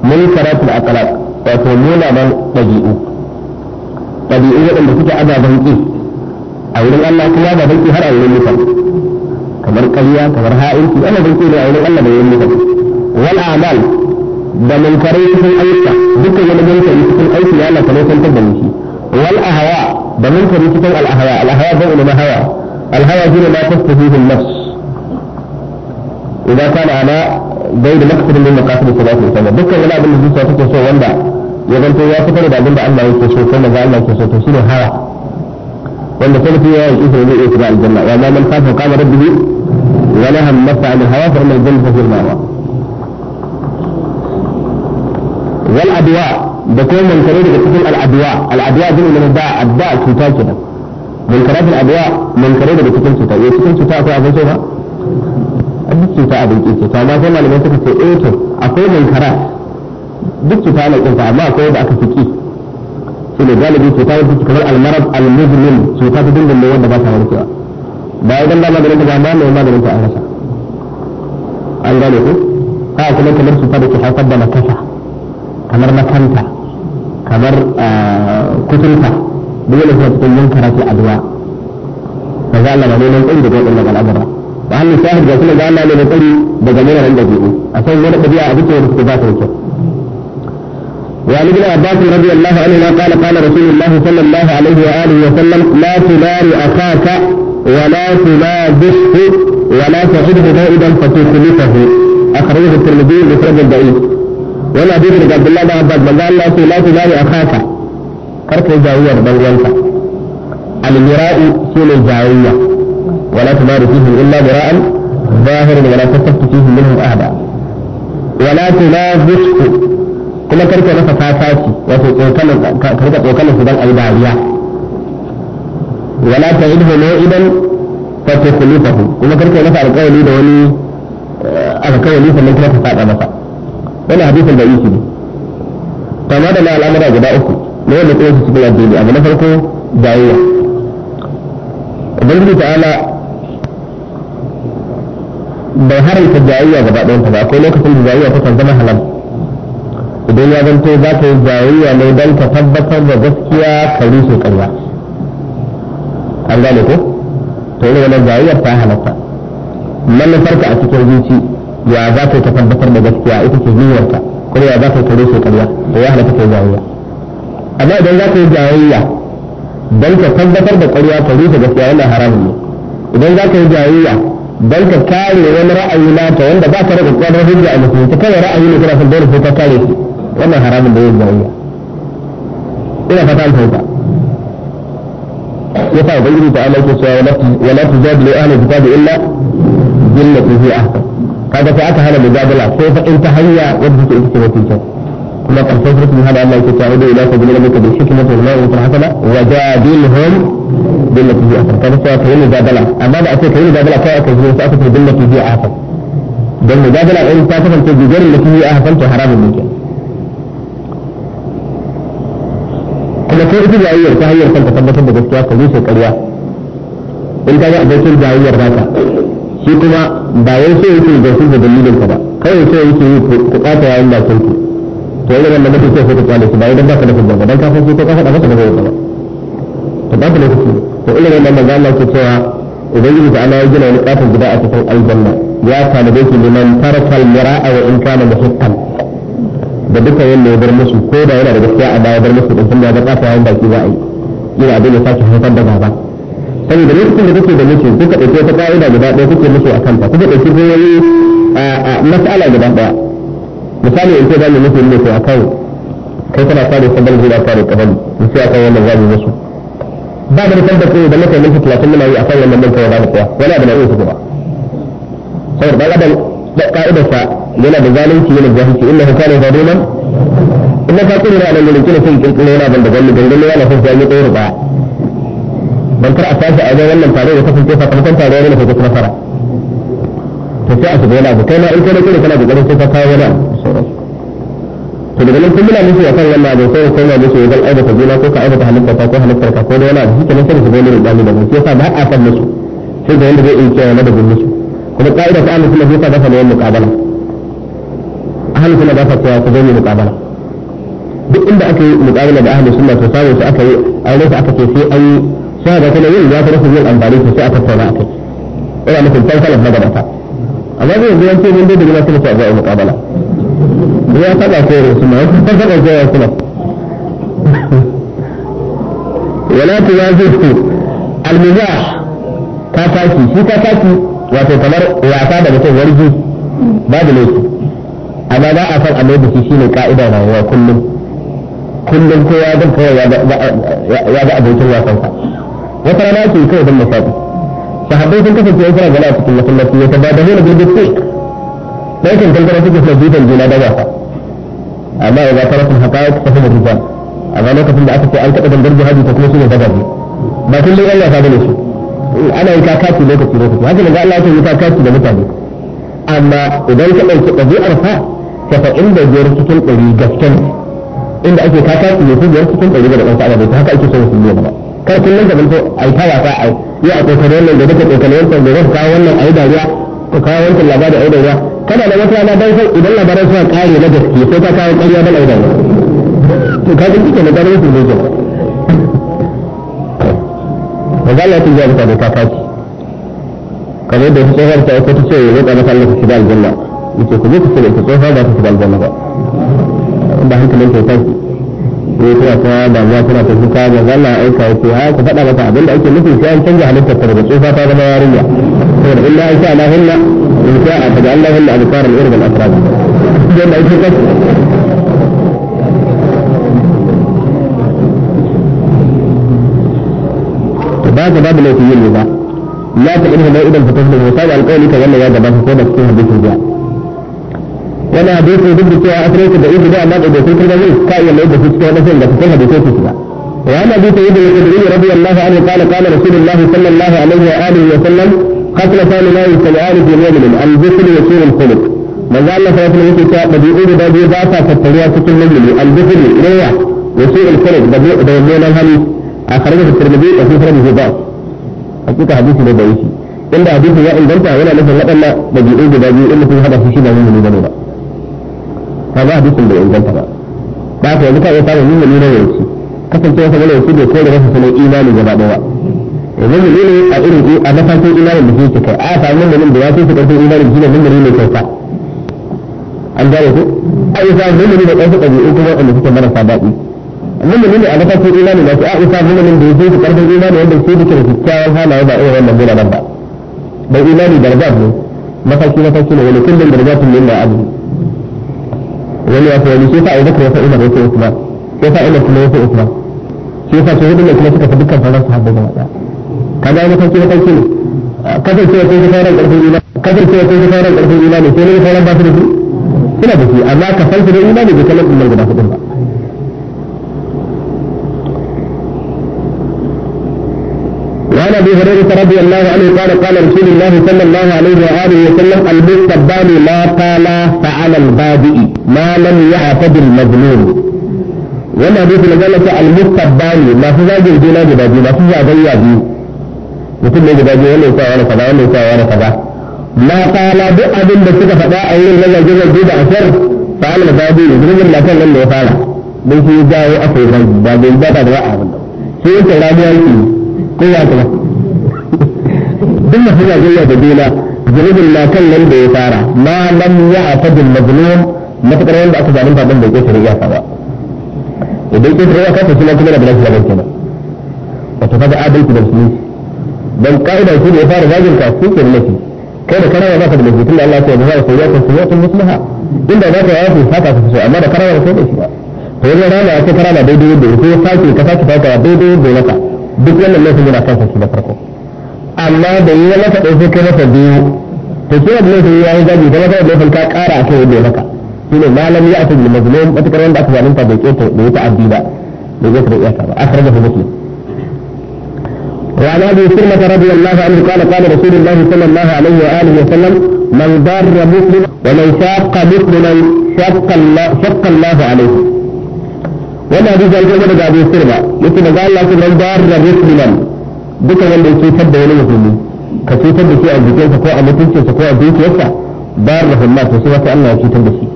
munkaratul ko nuna munanan ɗabi'u ɗabi'u waɗanda suke ababen ƙi a wurin Allah kuma ababen ƙi har a wurin mutane kamar ƙarya kamar ha'inci ababen ƙi ne a wurin Allah da wurin mutane wal amal da munkarai cikin ayyuka dukkan wani munkari cikin aiki ya Allah ka nufantar da ni wal ahawa da munkari cikin al ahwa al ahwa ba'u ma hawa al hawa shine ma tastahihi nafs إذا كان على غير مقصد من مقاصد الصلاة والسلام دكا ولا أبن الجنس وتكي سوى ولا يظن يا فتر إذا أبن الله يكسو كما ذا الله يكسو تسير هوا ولا سلفي يا يكسو لي إتباع الجنة وما من خاف مقام ربه ولا هم نفع عن الهوى فإن الجنة في المأوى والأدواء بكون من كريم بتكون الأدواء الأدواء دي من الداء الداء الكتاب كده من كريم الأدواء من كريم بتكون كتاب يتكون كتاب في أبو duk cuta abin kirki to amma sai malamai suka ce eh to akwai munkara duk cuta ana kinsa amma akwai wanda aka fiki shi ne galibi cuta wanda take kamar almarad almuzlim cuta ta dindin ne wanda ba ta warkewa ba ya dalla maganin da ba mai maganin ta an rasa an gane ku ha kuma kamar cuta da ke haifar da makasa kamar makanta kamar ah, kuturta duk wanda suna cikin munkara ce addu'a kaza Allah ba neman tsayi daga waɗannan al'amura وأن الشاهد ga kuma ga Allah ne mai daga munanan dabi'u akwai wani dabi'a a cikin da ba ta wuce وعن ابن عباس رضي الله عنهما قال قال رسول الله صلى الله عليه واله وسلم لا تنار اخاك ولا تنابشه ولا تعده دائما فتخلفه اخرجه الترمذي بسند ضعيف ولا حديث عبد الله بن عباس من قال لا تنار اخاك كرك الجاويه بل ولك المراء سن الجاويه ولا تمار فيهم إلا براء ظاهر ولا تستفت فيهم منهم أحدا ولا تلازفت كما كانت أنا فتاساتي وكانت أوكال فدان أي دارية ولا تعيده موئدا فتخلوته كما كانت أنا فعل قولي دولي أنا آه، قولي فمن كانت فتاة نفا وانا حديث البعيش دي فما دماء الأمر أجداء أخي لو أن تقول سيكون أجداء أجداء أجداء أجداء أجداء أجداء أجداء أجداء أجداء أجداء أجداء أجداء أجداء أجداء أجداء أجداء bai haramta jayayya gaba ɗayanta ba akwai lokacin da jayayya takan zama halal idan ya zanto za ka yi jayayya ne don ka tabbatar da gaskiya ka rushe ƙarya an gane ko to irin wannan jayayyar ta halatta farka a cikin zuci ya za ka tabbatar da gaskiya ita ce niyyarka kuma ya za ka ka rushe ƙarya to ya halatta ka yi jayayya amma idan za ka yi jayayya don ka tabbatar da ƙarya ka rushe gaskiya wannan haramun ne idan za ka yi jayayya don ka kare wani ra'ayi naka wanda ba ka rika kwanar hujja a musulunci kawai ra'ayi ne kana son dole sai ka kare shi wannan haramun da yin jayayya ina fata an fahimta ya sa ubangiji ta ala ke cewa wala tu jadilu ahli kitabi illa billati hi ahsan kaga sai aka hana mujadala sai fa in ta hanya wanda take ita ce mafi kyau لك أن تفرق من هذا أن لك تعود إلى فضل ربك بالحكمة والله وطرحتنا وجادلهم بالتي هي أفضل كانت سوى كهين جادلة أما بعد سوى كهين جادلة كوى كهين سأفضل بالتي هي أفضل بل مجادلة إن تأفضل في الجزر التي هي أفضل تحرام منك كما كنت أتبع أي يرتاح أي يرتاح تفضل في الجزر كهين سوى كريا إن كان يأبسل بأي يرتاح شكما بأي سوى يتبع أي يرتاح كهين سوى يتبع أي يرتاح ko irin da mutum sai ka kwale shi ba idan baka da hujja ba dan ka san shi ko ka faɗa masa da hujja ba to ba ka da hujja to irin da manzo Allah ke cewa ubangiji ta Allah ya gina wani katon gida a cikin aljanna ya talibai shi liman tarakal mira'a wa in kana muhiqqan da duka yin ne bar musu ko da yana da gaskiya a baya bar musu din tunda ya kafa yayin baki za a yi ina da ya sake haifar da gaba saboda lokacin da kuke da muke kuka dauke ta ka'ida guda ɗaya kuke musu akan ta kuka dauki goyoyi a mas'ala guda ɗaya misali in ce zamu musu ne sai akan kai kana kare sabal gida kare kafan in sai akan wannan zamu musu ba da tabbata da muka minti 30 muna yi akan wannan mun kawai zamu tsaya wala da nauyi su ba saboda dan adam da ka'idarsa yana da zalunci yana da jahilci inna hu kana zaliman inna ka kullu ala lillahi kina sai kin kullu yana ban da galli galli yana fa sai ya tsoro ba ban kar a tashi a ga wannan tare da kasance sakamakon tare ne ko kuma fara to sai a shiga yana da kai ma in kai ne kana da garin sai ka kawo wani to daga nan kullum musu akan wannan abin sai ko ma musu idan aida ka juna ko ka aida halitta ka ko halitta ka ko da wani abu kike nan sai ku gani da mu da mu yasa ba a san musu sai da yanda zai yi cewa na da musu kuma ka'ida ta Allah kuma yasa dafa ne muqabala ahli sunna dafa cewa ku gani muqabala duk inda aka yi muqabala da ahli sunna to samu su aka yi aure su aka ce sai an yi sai da kuma yin ya fara yin amfani to sai aka tauna akai ina mutum tantalan magabata amma zai yanzu yanzu mun dai da gina sai ta ga muqabala ya taba koyar suna ya taba koyar suna wala ta ya zuku almiza ta taki shi ta taki wato kamar wasa da mutum warji ba da laifi amma ba a san amai da shi shine ka'ida wa kullum kullum kowa zan kawai ya ga wasan wasansa wata rana ce kawai don masaɗi sahabbai sun kasance yan suna gana a cikin masallaci ya da hula bilbil sai. لكن تلقى نفسك تزيد الجنة دواء أما إذا في الحقائق فهم الرجال أما لو كنت أنت أنت قد الدرجة هذه تكون شيء ما كل الله هذا شيء أنا في لوكتي لوكتي هذا اللي قال الله في لوكتي أما إذا أنت لو تقضي أرفع فإن جرسك الذي جفتنك inda ake ka tashi ne kuma yanzu kun ɗari da ɗansa ana bai haka ake so mutum ne ba kar kullum da zanto a yi tawa ta a yi a ƙoƙarin wannan da ka kawo wancan labarin audarwa kana da wata rana dan idan labaran suna kare na gaske sai ka kawo ƙarya dan audarwa to ka ji kike da garin su ne ba za ta ji ba da ta kaci kamar da su tsohon ta ko ta ce ya roƙa maka Allah da shiga aljanna yace ku je ku ce ita tsohon ba ta shiga aljanna ba ba hankalin ta kai ne kuma ta damuwa tana ta kuka ga Allah aika yace ha ku faɗa maka abin ake nufin sai an canja halittar ta daga tsofa ta zama yarinya إلا إن شاء لهن إن شاء فجعلناهن أبصار الأرض الأفراد. جمع بعد باب الوفيين لذا لا تقله موئدا فتهله وصاب عن قولي تولى يا جبان فكونك فيه حديث البيع وانا حديث ضد سوى اتريك بعيد بيع ما قد يسوك الغزيز كاي اللي يبدو فيك وانا فين لك فين حديث البيع وعن ابي سعيد الخدري رضي الله عنه قال قال رسول الله صلى الله عليه واله وسلم خصلتان لا يجتمعان في مؤمن البخل وسوء الخلق من ذا الله فيصل يكي شاء بديئون بابي باسا فالتريا تكون مؤمن البخل روح وسوء الخلق بديئون الهلي أخرجه الترمذي وفي فرده ضعف حقيقة حديث بديئي إن حديث يا إن بنت ولا نفر لقنا بديئون بابي إن في هذا في شبه من بني هذا حديث بديئون بنت بقى بعد ذلك يتعلم من بني kasance wata wani wasu bai kore rasa sanin imani gaba daya yanzu da ne a irin ko a matakin imanin da suke kai a samu nan da ya fi karfin imanin shi ne nan da ne kyauta an gane ko a yi samu nan da ɗansu ɗabi'u kuma wanda suke marasa daɗi nan da ne a matakin imanin da su a isa nan da ya fi su karfin imanin wanda su duke da kyakkyawan halaye ba irin wannan gona nan ba dan imani darajat ne mataki mataki ne wani kullum darajatun ne na abu wani ya fi wani shi ya sa umar ya sa usman ya sa umar kuma ya sa usman shi sa ne kuma suka fi dukkan sauran su habbai gaba ɗaya ka ga mafarki mafarki ne kasancewa kai sauran ƙarfin imani kasancewa kai sauran ƙarfin imani sai ne sauran ba su da su ina da shi amma ka san su da imani bai kallon ɗin guda kuɗin ba وعن ابي هريره رضي الله عنه قال قال رسول الله صلى الله عليه واله وسلم المستبان ما قال فعلى البادئ ما لم يعتد المظلوم وما بيت لذلك المستبان ما في ذاك الجنان بادئ ما في ذاك mutum ne a biyu wanda ya kawo kaza wanda ya kawo kaza ma kala duk abin da suka faɗa a wurin na zarge zarge da asar fa da mabadi ne gurbin lafiyan nan da ya fara don shi ya jawo aka yi zarge ba ba ta da ba shi yake ramuwa yake ko ya kuma duk masu zarge da nan da ya fara ma lam ya afadin mazlum matakar wanda aka zalunta ban bai ba idan da ba za su ba wato adalci da musulunci dan ka'ida shi ne ya fara zagin ka su ke lafi kai da karawa za ka da lafi tunda Allah ya ce ba ka kuriya ka kuriya tun musliha inda za ka yafi haka ka so amma da karawa ka da shi ba to yanzu rana ya ce karawa daidai yadda ya sai sake ka sake fata daidai yadda ya maka duk wannan laifin yana kan shi da farko amma da yi maka ɗaya sai kai masa biyu to shi wanda laifin ya yi zagi kuma kai laifin ka ƙara a kan yadda ya maka shi ne malam ya asin da mazlum matukar wanda aka zalunta bai ƙeta da ya ta'addi ba bai ƙeta da iyaka ba akhrajahu muslim وعن أبي سلمة رضي الله عنه قال قال رسول الله صلى الله عليه وآله وسلم من ضر مسلم ومن شاق مسلما شق الله شق الله عليه وما في ذلك من أبي سلمة مثل قال الله من ضر مسلما بك من لي يحب ولا يهمي كتشد يحب أو بكين سكوى أو بكين سكوى أو بكين يسع ضره الله فسوى كأنه يتشد بشيء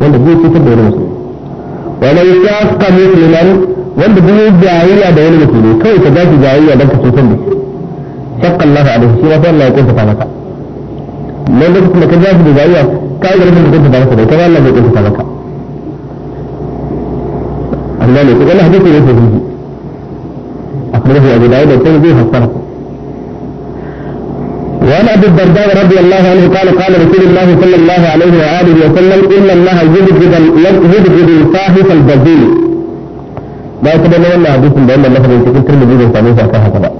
ولي يتشد ولي يهمي ومن شاق مسلما wanda duk yayi jayayya da wani mutum kai ka zaki jayayya dan ka cutar da shi shakka Allah alaihi shi wata Allah ya kunta maka nan da kuma ka zaki jayayya ka ga rubin kunta da maka kai Allah ya kunta maka Allah ne ko Allah hadisi ne sahihi akhrajahu Abu Dawud da Tirmidhi hasana وعن ابي الدرداء رضي الله عنه قال قال رسول الله صلى الله عليه واله وسلم ان الله يبغض يبغض الفاحش البذيء ba kuma na wannan hadisin da wannan lafazin cikin turmi zai same shi akan haka ba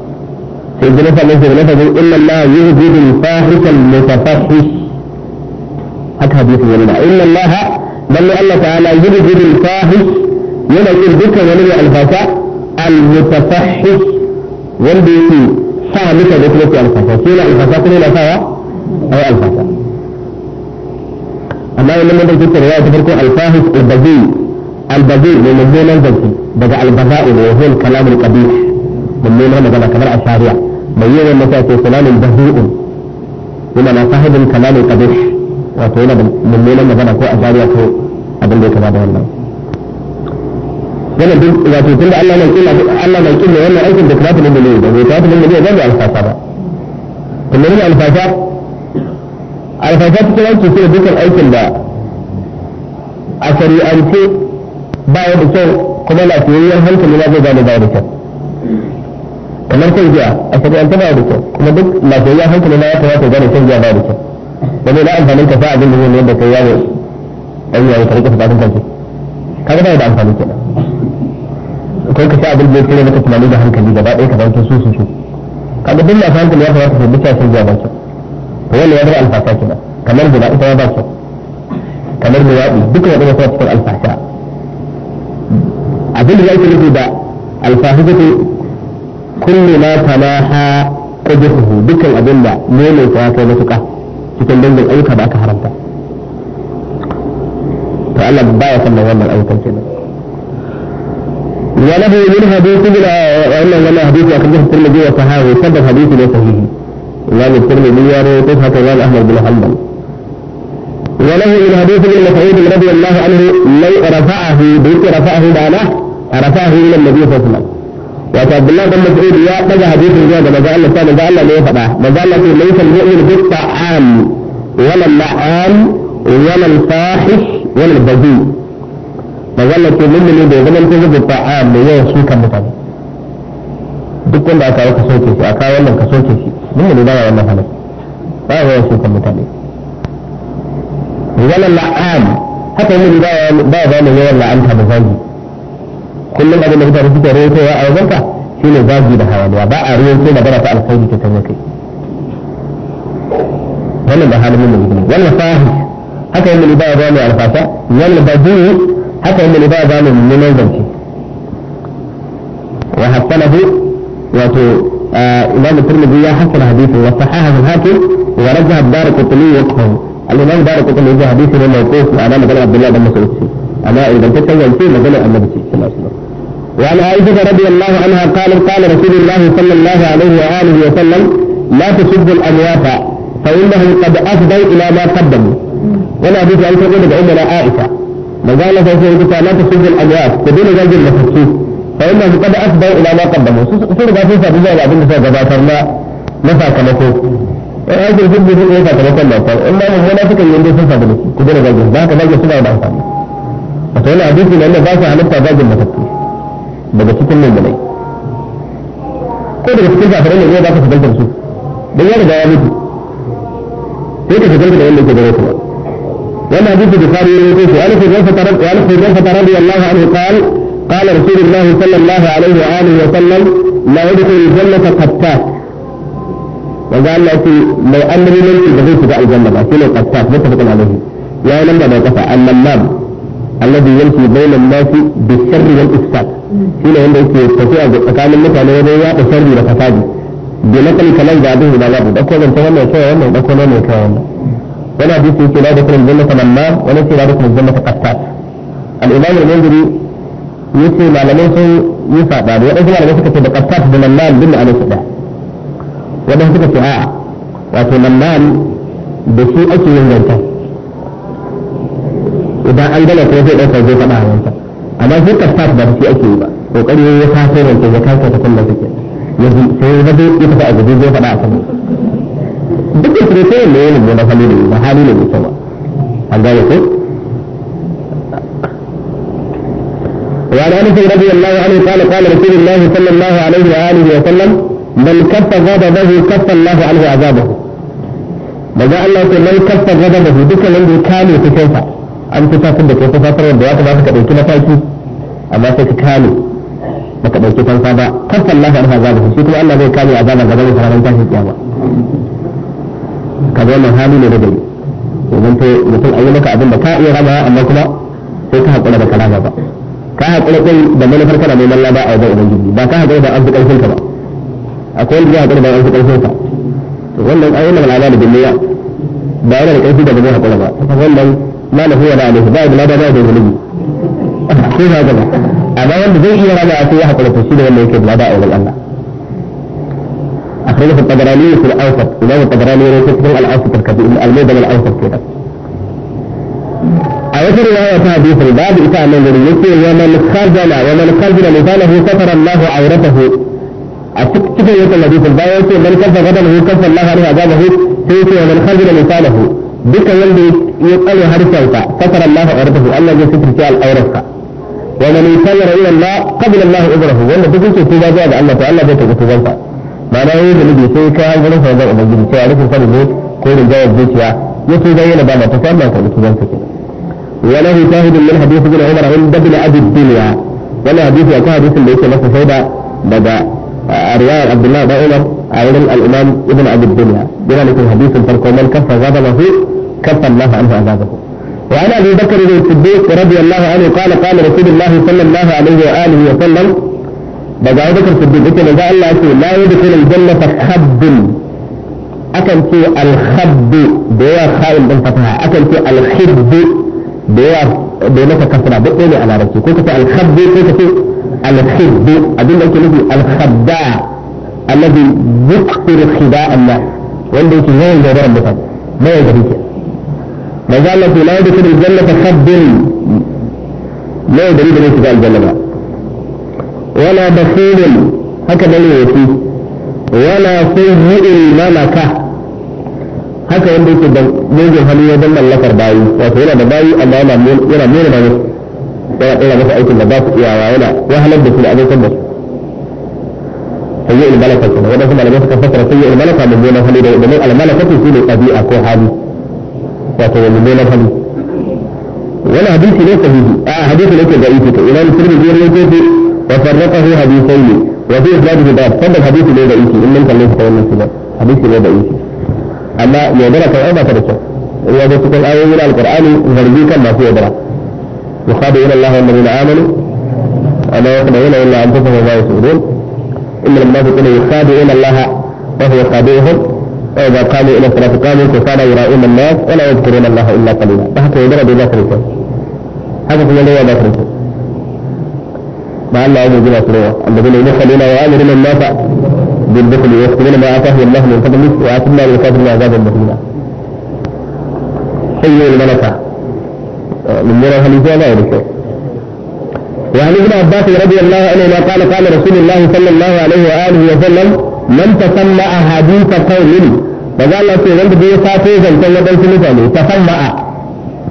sai gina same shi da lafazin inna Allah yuhdi bil fahishal mutafahish haka hadisin yana da inna Allah lalle Allah ta'ala yuhdi bil fahish yana yin dukkan wani mai albasa al mutafahish wanda yake sa mutane da kuma ke alfasa shi ne alfasa kuma yana sawa ai alfasa amma wannan da ke cewa ta farko al fahish al bazi al bazi ne mun nan zance daga albaza'il wa huwa al-kalam al-qabih mun ne magana kamar ashariya mai yawan mata ce kalamin bahu'un kuma na sahibin kalam al-qabih wato yana mun ne magana ko ashariya ko abin da ya kama da wannan wannan duk wato tunda Allah mai kila Allah mai kila wannan aikin da karatun da ne da bai karatun da ne ba da alfafa ba kuma ne alfafa alfafa ta wanke sai dukkan aikin da a shari'ance ba ya da kyau kuma lafiyayyen hankali na zai gane ba da kyau kamar kan giya a shari'anta ba da kyau kuma duk lafiyayyen hankali na ya kamata gane kan jiya ba da kyau ba zai na amfanin ka sa abin da zai ne da kai yawo ɗan yawo ka rika fadatin kanki kaga ba da amfani kenan ko ka sa abin da ya kire maka tunani da hankali gaba ɗaya ka zanto su su su kaga duk masu hankali ya kamata su bisa kan jiya ba kyau to wannan ya bar alfasa kenan kamar gida ita ma ba kyau kamar da yaɗi duka waɗanda suna cikin alfasa abin da yake nufi da alfahizatu kullu ma talaha qadruhu dukkan abin da mole ta kai matuka cikin dangin ayyuka da aka haramta to Allah baya san wannan ayyukan kenan وله من حديث وأن ولا حديث أخرجه الترمذي وصححه وصدق حديث ليس صحيح وأن الترمذي يروي حتى أحمد بن حنبل وله من حديث ابن مسعود رضي الله عنه لو رفعه بيت رفعه معناه رفعه إلى النبي صلى الله عليه وسلم وعبد الله بن مسعود يا قضى حديث الجواب ما قال الله ما قال ليه فقه ما قال ليس المؤمن بالطعام ولا اللعان ولا الفاحش ولا البذيء ما قال لك المؤمن bai zama ta zuba ta'am da yawan sukan mutane duk wanda aka ka soke shi aka wannan ka soke shi mun ne da wannan halin ba yawan sukan mutane wala la'an haka mun ba ba yawan la'anta da zagi kullum abin da mutane suke rawaitowa a wajenka shine zagi da hayaniya ba a rawaito magana ta alkhairi ta tanya kai wannan da halin mu ne wannan fahish haka yin liba ba mu alfasa wal badi haka yin liba ba mu mummunan zance wa hasanahu wato الإمام الترمذي حسن حديثه وصححه الحاكم ورجع الدار قطني وقفه الإمام الدار قطني ذا حديثه موقوف على مجال عبد الله بن مسعود أما إذا كنت تنزل فيه مجال النبي صلى الله عليه وسلم وعن عائشة رضي الله عنها قال قال رسول الله صلى الله عليه وآله وسلم لا تسبوا الأموات فإنهم قد أفضوا إلى ما قدموا وأنا أبيت أن تقول لك عندنا عائشة ما قال لا تسبوا الأموات تدين قلب السوق فإنهم قد أفضوا إلى ما قدموا سورة عفوسة بالله لا بنسى جباسر ما نفع كمسوس وأنا أجل جبني في الإيفا كما قال الله إلا من هنا فكر يندي سنسى بلسي تدين قلب المفسوس ذاك ما يجب سنعب أفضل فتقول أبيت أن الله باسع لبتا قلب المفسوس daga cikin nan mulmulai ko daga cikin kafirai ne zai ba ka fadaltar su dan ya riga ya mutu sai ka fadaltar da yadda ke gare kuma wannan hadisi da ne bukhari ya rawaito shi alif ibn fatar alif ibn fatar radiyallahu anhu qala قال رسول الله صلى الله عليه وآله وسلم لا يدخل الجنة قتات وقال له لو أنني لم يدخل الجنة فأكل قتات متفق عليه يا لم تبقى اللمام alladhi yalqi bayna an-nasi bis-sirri wal-ifsad shine wanda yake tafiya ga tsakanin mutane wajen yaɗa sirri da fasadi bi nakal kalam da abin da babu dako zan tawana kai wannan dako ne mai kai wannan wani hadisi yake la dakul jannata man nar wa la dakul jannata qattat al-imam al-munziri yace malamai sun yi fada da wadansu malamai suka ce da da man nar bin wadansu a'a wato da ake yin idan an gana kuma zai ɗauka zai faɗa wanka amma shi kafas ba shi ake yi ba kokari ya kafe wanke ya kafe ta kullum take yanzu sai ya zo ya tafi a gaba zai faɗa a sama duk da kuma sai ne ne na hali ne ba hali ne mai sama an gane ko وعن انس رضي الله عنه قال قال رسول الله صلى الله عليه واله وسلم من كف غضبه كف الله عنه عذابه. ماذا الله من كف غضبه دك من كان يتكفى an fi tafin da kai fasatar wanda ya kamata ka ɗauki mataki amma sai ka kame baka ɗauki fansa ba kafin Allah ya rufa shi kuma Allah zai kame azaba gaban sa ranar tashin kiyama ka wannan hali ne da gari domin ta mutum an yi maka abin da ka iya rama amma kuma sai ka haƙura da kalama ba ka haƙura kai da manufar kana neman lada a wajen ubangiji ba ka haƙura da an fi ƙarfin ka ba akwai wanda ya haƙura da an fi ƙarfin ka to wannan ayyukan al'ada da duniya ba yana da ƙarfi da ba zai haƙura ba wannan [laughs] لا له ولا عليه بعد لا ده بعد ولي ko ba gaba amma wanda zai iya raba akwai ya hakura to shi da wanda yake da da'a الطبراني في الأوسط الإمام الطبراني ليس في الأوسط الكبير الموجب الأوسط كده أوسط رواية حديث الباب إساءة من ذريته ومن خرجنا ومن خرجنا لسانه ستر الله عورته أشك كده يقول الحديث الباب من كف غدا هو كف الله عليه عذابه سيسي ومن خرجنا لسانه بك يلدي ya tsare harshenka satara Allah auratahu Allah zai suturce al'aurarka wa man yusawwara ila Allah qabla Allah wanda duk yake tuba zuwa ga Allah to Allah zai tafi tubanka ma'ana yayin da nabi sai ka gurin sa da ubangiji cewa alifin sani ne ko rinjayar zuciya ya da yana ba ta Allah ka tubanka kenan وله شاهد من حديث ابن عمر عند ابن ابي الدنيا ولا حديث يا حديث daga له شهادة بدا umar عبد الله بن عمر عن الامام ابن ابي الدنيا farko man فرق من كف غضبه كفر الله عنه عذابه وعن أبي بكر بن الصديق رضي الله عنه قال قال رسول الله صلى الله عليه وآله وسلم بقى أبي بكر الصديق قال الله لا يدخل الجنة خب أكن في الخب بيا خائن بن فتحة أكن في الخب بيا بيا كفر بقيني على ربي كيف في الخب كيف في الخب أدل لك الذي الخداع الذي يكثر خداع الناس وعندك يوم جبران بفضل ما يجريك ما قال لك لا يدخل الجنة خب لا يدري أن يدخل الجنة ولا بخيل هكذا يوصي ولا سيء الملكة haka wanda yake da mugun hannu ya danna lafar bayi wato yana da bayi amma yana yana mura da musu yana ɗora masa aikin da ba su iya wa yana wahalar da su da abokan da su sayyid al-malaka kuma wadanda malamai suka fassara sayyid al-malaka mummunan hali da mai al-malaka su ne ɗabi'a ko hali wato wani nolan hannu wani hadisi ne sahihi a hadisi ne ke da ita imam muslim biyar ne ke wa farraqahu hadithaini wa fi islamu da sabab hadisi ne da ita in mun kalle shi wannan sunan hadisi ne da ita amma yaudara kai ba ta da kyau ya zo cikin ayoyin alqur'ani zargi kan masu yaudara yukhadi'una Allah wal ladina amanu ala yakhda'una illa anfusahum wa yasudun إن المنافقين يخادعون الله وهو خادعهم وإذا قالوا إلى الصلاة قالوا كسالى يراؤون الناس ولا يذكرون الله إلا قليلا بحكم يدرى بلا ثلثة هذا هو لي إلى ثلثة مع أن أمر بلا فروع الذين يدخلون ويأمرون الناس بالدخل ويسكنون ما آتاه الله من فضله وآتنا للكافرين عذابا مهينا حي الملكة من نور الخليفة لا يرث وعن ابن عباس رضي الله عنهما قال قال رسول الله صلى الله عليه وآله وسلم man tasalla ahadith qawlin ba za Allah ce wanda bai fato zantan wadansu mutane tasalla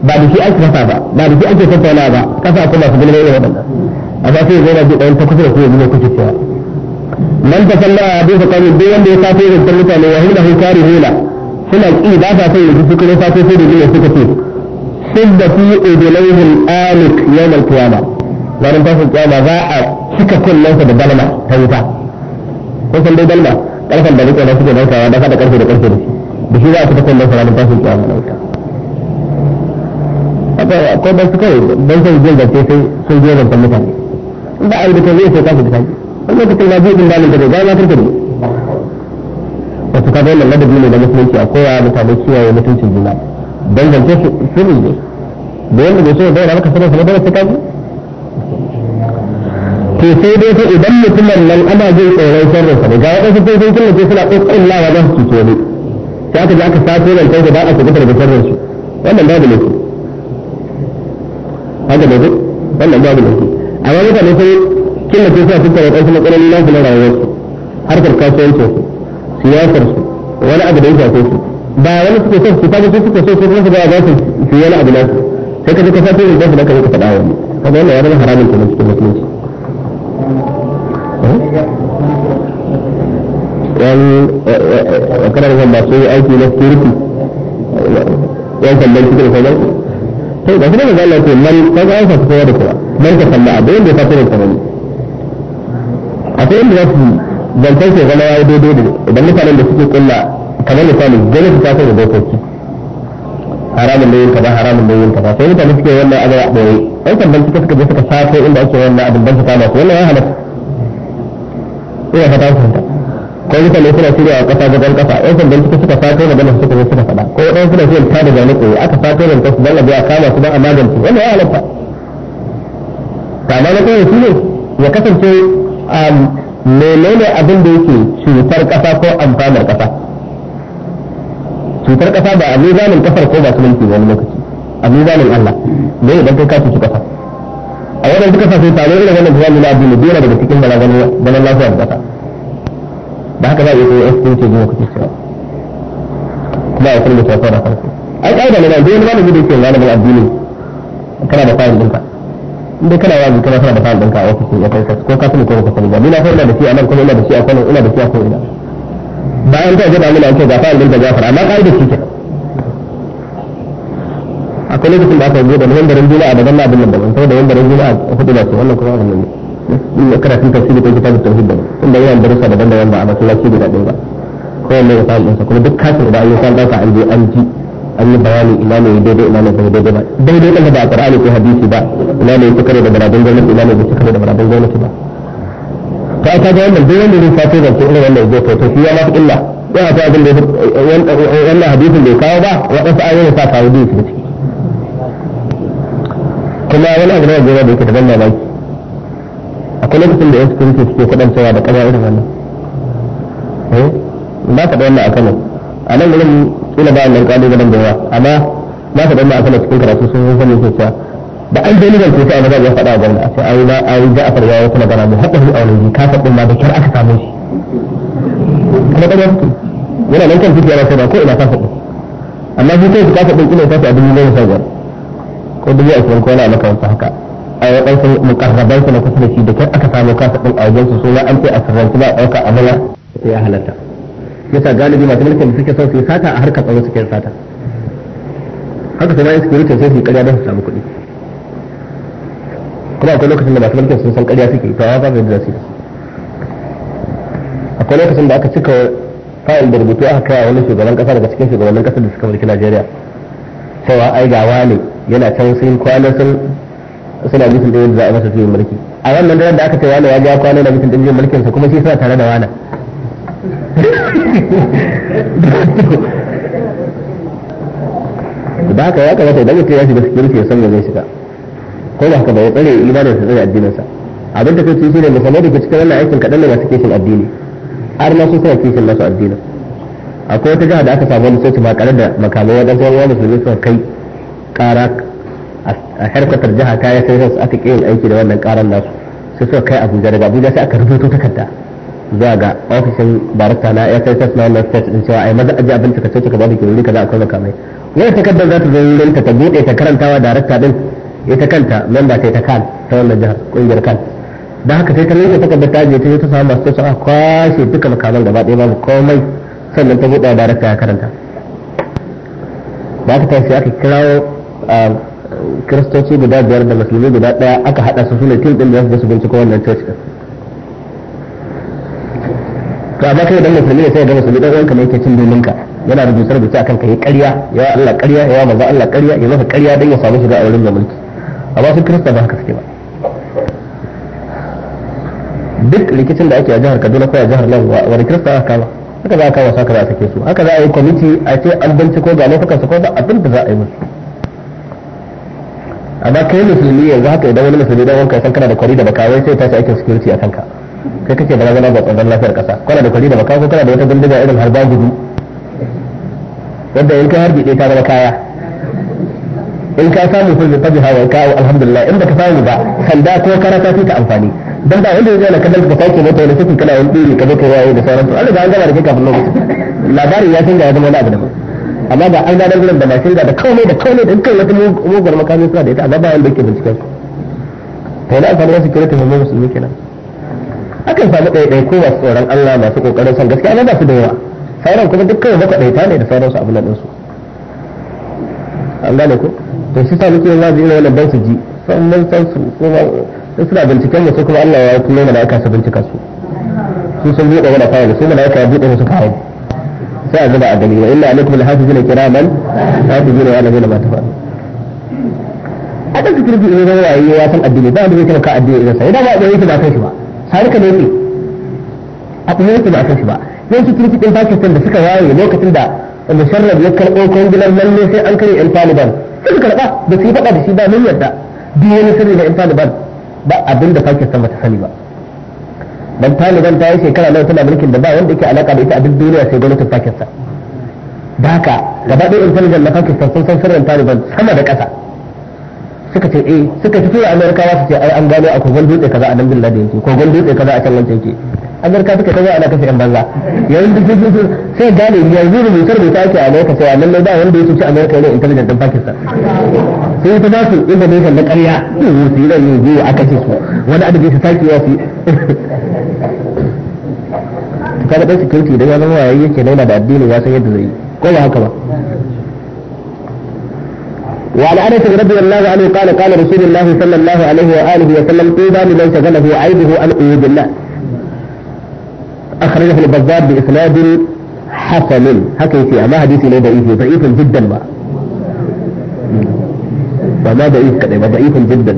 ba da shi ake kasa ba ba da shi ake tattauna ba kasa ko ba su gulbe ne wadannan amma sai zai rabu dan ta kusa da su kuma ne kuke cewa man tasalla ahadith qawlin bai wanda ya fato zantan mutane wa hum lahu hula suna ki ba sa sai yanzu suka ne fato sai da ne suka ce sidda fi idilaihi al-alik yawm al-qiyamah ranar tashin kiyama za a cika kullansa da balma ta wuta kun san dai dalma karfan da rike da suke daukawa da kada karfe da karfe da da shi za a fita kan da ranar tashin kiyama na wuta haka ko ba su kai dan sai jin da sai sun je da mutane in ba a yi da kai sai ka fita kai wani lokacin na jin dalilin da ga na karfe wasu ka bayyana ladabi ne da musulunci a koya mutane kiyaye mutuncin juna dangance su ne da yanda bai so ya maka sanar sanar da wasu to sai dai fa idan mutumin nan ana jin tsoron sharrin sa ga wadansu sai sun killace suna kokkullawa za su cuce ne sai aka ji aka sato nan kai da aka fitar da sharrin shi wannan babu ne haka da wannan babu ne a wani mutane sai killace suna fitar wadansu matsaloli na kuma rayuwar su harkar kasuwancin su siyasar su wani abu da ya shafe su ba wani suke son su fage suke so su rasa ba za su yi wani abu na su sai ka ji ka sato da kai da ka faɗa wani kaga wannan ya zama haramun kuma cikin musulunci Eh, eh, eh, kana da masu aiki na security yan kallon cikin kwanan sai da kuma zalla ce man kaga an fasa kowa da kowa man ka kalla abu yadda ya fasa da a akwai inda za su zantar ke zama ya yi daidai da idan mutanen da suke kulla kamar misali gwamnati ta fasa da dokoki haramun da yin kaza haramun da yin kaza sai mutane suke wannan abin a ɓoye yan kallon cikin suka je suka sato inda ake wannan abin don su kama su wannan ya halatta ina fata ku ko duka suna shirya a kasa gaban kasa yan sandan suka suka fato magana suka zo suka faɗa ko ɗan suna shirya ta da jami'a tsaye aka fato da kasu dan abiya kama su don a magance wanda ya halatta kama na kawai shi ne ya kasance a um, menene abin da yake cutar kasa ko amfanar kasa cutar kasa ba a mizanin kasar ko ba su mulki wani lokaci a mizanin Allah ne idan kai ka cuci kasa a wannan suka sa sai tare irin wannan tuwali na abu ne daga cikin balaganin zaman lafiya da kasa da haka za a yi iya tsaye eskin ce zuwa kuke cewa kuma a kullum da shafa da farko ai ƙa'ida ne na duk wani malami da yake malamin addini kana da fayil ɗinka in dai kana wazi kana kana da fayil ɗinka a ofishin ya kai ko ka sani ko ka sani ba ni na fa da shi a nan kuma ina da shi a kwano ina da shi a ko ina bayan ta jaba mana an ce ga fayil ɗinka fara amma ƙa'ida shi kenan akwai lokacin da aka yi da wambarin juma'a da ganna abin nan daban saboda wambarin a hudu da ce wannan kuma wannan ne in karatun tafsiri ko kitabun tauhid da tunda yawan darussa daban daban ba a masallaci guda ɗaya ba ko wanne ya samu ɗinsa kuma duk kafin da an yi kwan ɗauka an je an ji an yi bayani ina ne daidai ina ne bai daidai ba daidai kan da a qur'ani ko hadisi ba ina ne ya kare da baradun gwamnati ina ne bai kare da baradun gwamnati ba to aka ga wannan duk wanda zai fato da irin wannan zai to shi ya ma illa ya ta abin da wannan hadisin bai kawo ba waɗansu ayoyi sa kawo biyu su ciki kuma wani abu na gaba da yake daban mamaki akwai lokacin da yan security suke cewa da ƙarya irin wannan ba ka da wannan a a nan wurin kila ba wannan kalubalen da yawa amma ba ka da wannan a cikin karatu sun san yake cewa da an zai nigar kuka a za a faɗa a gwamna a ce a yi za a yi ja'afar ya wata magana mai haɗa a wani ka faɗin ma da kyar aka same shi kuma ƙarya suke yana nan kan fitiyar sai ba ko ina ka faɗin amma shi kai su ka faɗin ina ta fi abin yi na ko dubu ashirin ko na makamantar haka a yi ɗansu mukarraban su na kusa da shi da kyan aka samu kasa ɗin a wajen su suna an ce a su ba a ɗauka a mana ya halatta yasa galibi masu mulkin da suke son su yi sata a harkar tsaro suke sata haka sai ma yin security sai su yi ƙarya don su samu kuɗi kuma akwai lokacin da masu mulkin sun san ƙarya suke to ba zai da su akwai lokacin da aka cika fa'il da rubutu aka kawo wani shugaban kasa daga cikin shugabannin kasar da suka mulki Najeriya cewa ai ga wani yana can sun kwana sun suna bisin da yadda za a masa juyin mulki a wannan daren da aka ce wani ya ga kwana na bisin da juyin mulkin sa kuma shi suna tare da wana [laughs] da haka ya kamata idan mutum ya shiga security ya san me zai shiga ko ba haka ba ya tsare imanin sa tsare addinin sa abin da ce shi ne musamman da ke cikin wannan aikin kaɗan ne masu kishin addini har ma su suna kishin nasu addinin akwai wata jiha da aka samu wani soci ba kare da makamai wajen yan wani musulmi suka kai kara a harkatar jiha ta ya sai aka kiyin aiki da wannan karan nasu sai suka kai abuja daga abuja sai aka rubuto takarda zuwa ga ofishin barista na ya sai na wannan state din cewa ai maza aji abin ka soci ka ba ki wuri kaza akwai makamai wani takardar za ta zo wurin ta bude ta karantawa darakta din ita kanta memba ta ta kan ta wannan jihar kungiyar kan da haka sai ta rike takardar ta je ta ta samu masu soci a kwashe duka makaman gaba ɗaya babu komai sannan ta buɗe da rasa ya karanta da aka tashi aka kirawo kiristoci guda biyar da musulmi guda ɗaya aka haɗa su suna tim ɗin da za su binciko wannan coci to amma kai dan musulmi ne sai ga musulmi dan uwan kamar yake cin dominka yana rubuce rubuce akan kai ƙarya ya Allah ƙarya ya maza Allah ƙarya ya masa ƙarya dan ya samu shiga a wurin da mulki amma su kirista ba haka suke ba duk rikicin da ake a jihar Kaduna ko a jihar nan wani kirista aka kama haka za a kawo haka za a sake su haka za a yi kwamiti a ce an binciko ga laifukan su ko ba abin da za a yi musu amma kai musulmi yanzu haka idan wani musulmi dan wanka san kana da kwari da baka wai sai tashi aikin security a kanka kai kake barazana ga tsaron lafiyar kasa kana da kwari da baka ko kana da wata bindiga irin harba gudu wanda in ka harbi ɗaya ta zama kaya in ka samu kullu ta wa ka alhamdulillah in ka samu ba sanda ko karata ta amfani dan da wanda da lakadar ka kake ne wani cikin kana wani duri ka zo ka yayi da sauran to Allah an gama da kai kafin lokaci labarin ya canza ya zama wani abu daban amma ba an gadar gurin da mashin da kaune da kaune da kai wata mugar makamin suna da ita amma ba wanda yake binciken su ta yana amfani wasu kirita musu musulmi kenan akan samu ɗaiɗai ko kowa tsoron Allah masu ƙoƙarin son gaskiya amma ba su da yawa sauran kuma duk kawai makwaɗaita ne da su abin nan su an gane ko to shi sa muke yin wazi irin wannan dan su ji san mun san su kuma sai suna binciken da su kuma Allah ya kuma mala'ika su bincika su su sun buɗe mana fayil sai mala'ika ya buɗe musu fayil sai a zuba a gani wa illa alaikum kira man alhafizina kiraman hafizina wa alazina ta faɗi. a ɗan cikin bi zama rawaye ya san addini ba wanda zai taimaka addini irin sa idan ba a ɓoye yake ba kan shi ba sarika ne yake a ɓoye yake ba kan shi ba yan cikin cikin Pakistan da suka waye lokacin da Musharraf ya karɓo kwangilar lalle sai an kare 'yan Taliban suka karɓa da su yi faɗa da shi ba mun yadda biyu na sirri na 'yan Taliban ba abin da Pakistan ba ta sani ba dan Taliban ta yi shekara nawa tana mulkin da ba wanda yake alaka da ita a duk duniya sai gwamnatin Pakistan da haka gaba ɗaya intelligence na Pakistan sun san sirrin Taliban sama da ƙasa suka ce eh suka fito Amerikawa su ce ai an gano a kogon dutse kaza a nan bin Laden yake kogon dutse kaza a can wancan yake amurka suka tazo ana kashe yan banza yayin da yanzu sai gane yanzu rubutar rubuta ake a lokacin sai lallai ba wanda ya cuci amurka ne intelligence din pakistan sai ta basu ne na ƙarya su yi ran yanzu aka ce su wani adabi su sake ya fi [laughs] kaga dan security da ya zama wayayi yake nauna da addini ya san yadda zai yi ko ba haka ba وعن انس رضي الله عنه قال قال رسول الله صلى الله عليه واله وسلم طوبى لمن شغله عيبه عن عيوب الله أخرجه البزار بإسناد حسن هكذا في أما حديث لي ضعيف ضعيف جدا ما وما ضعيف كذا ضعيف جدا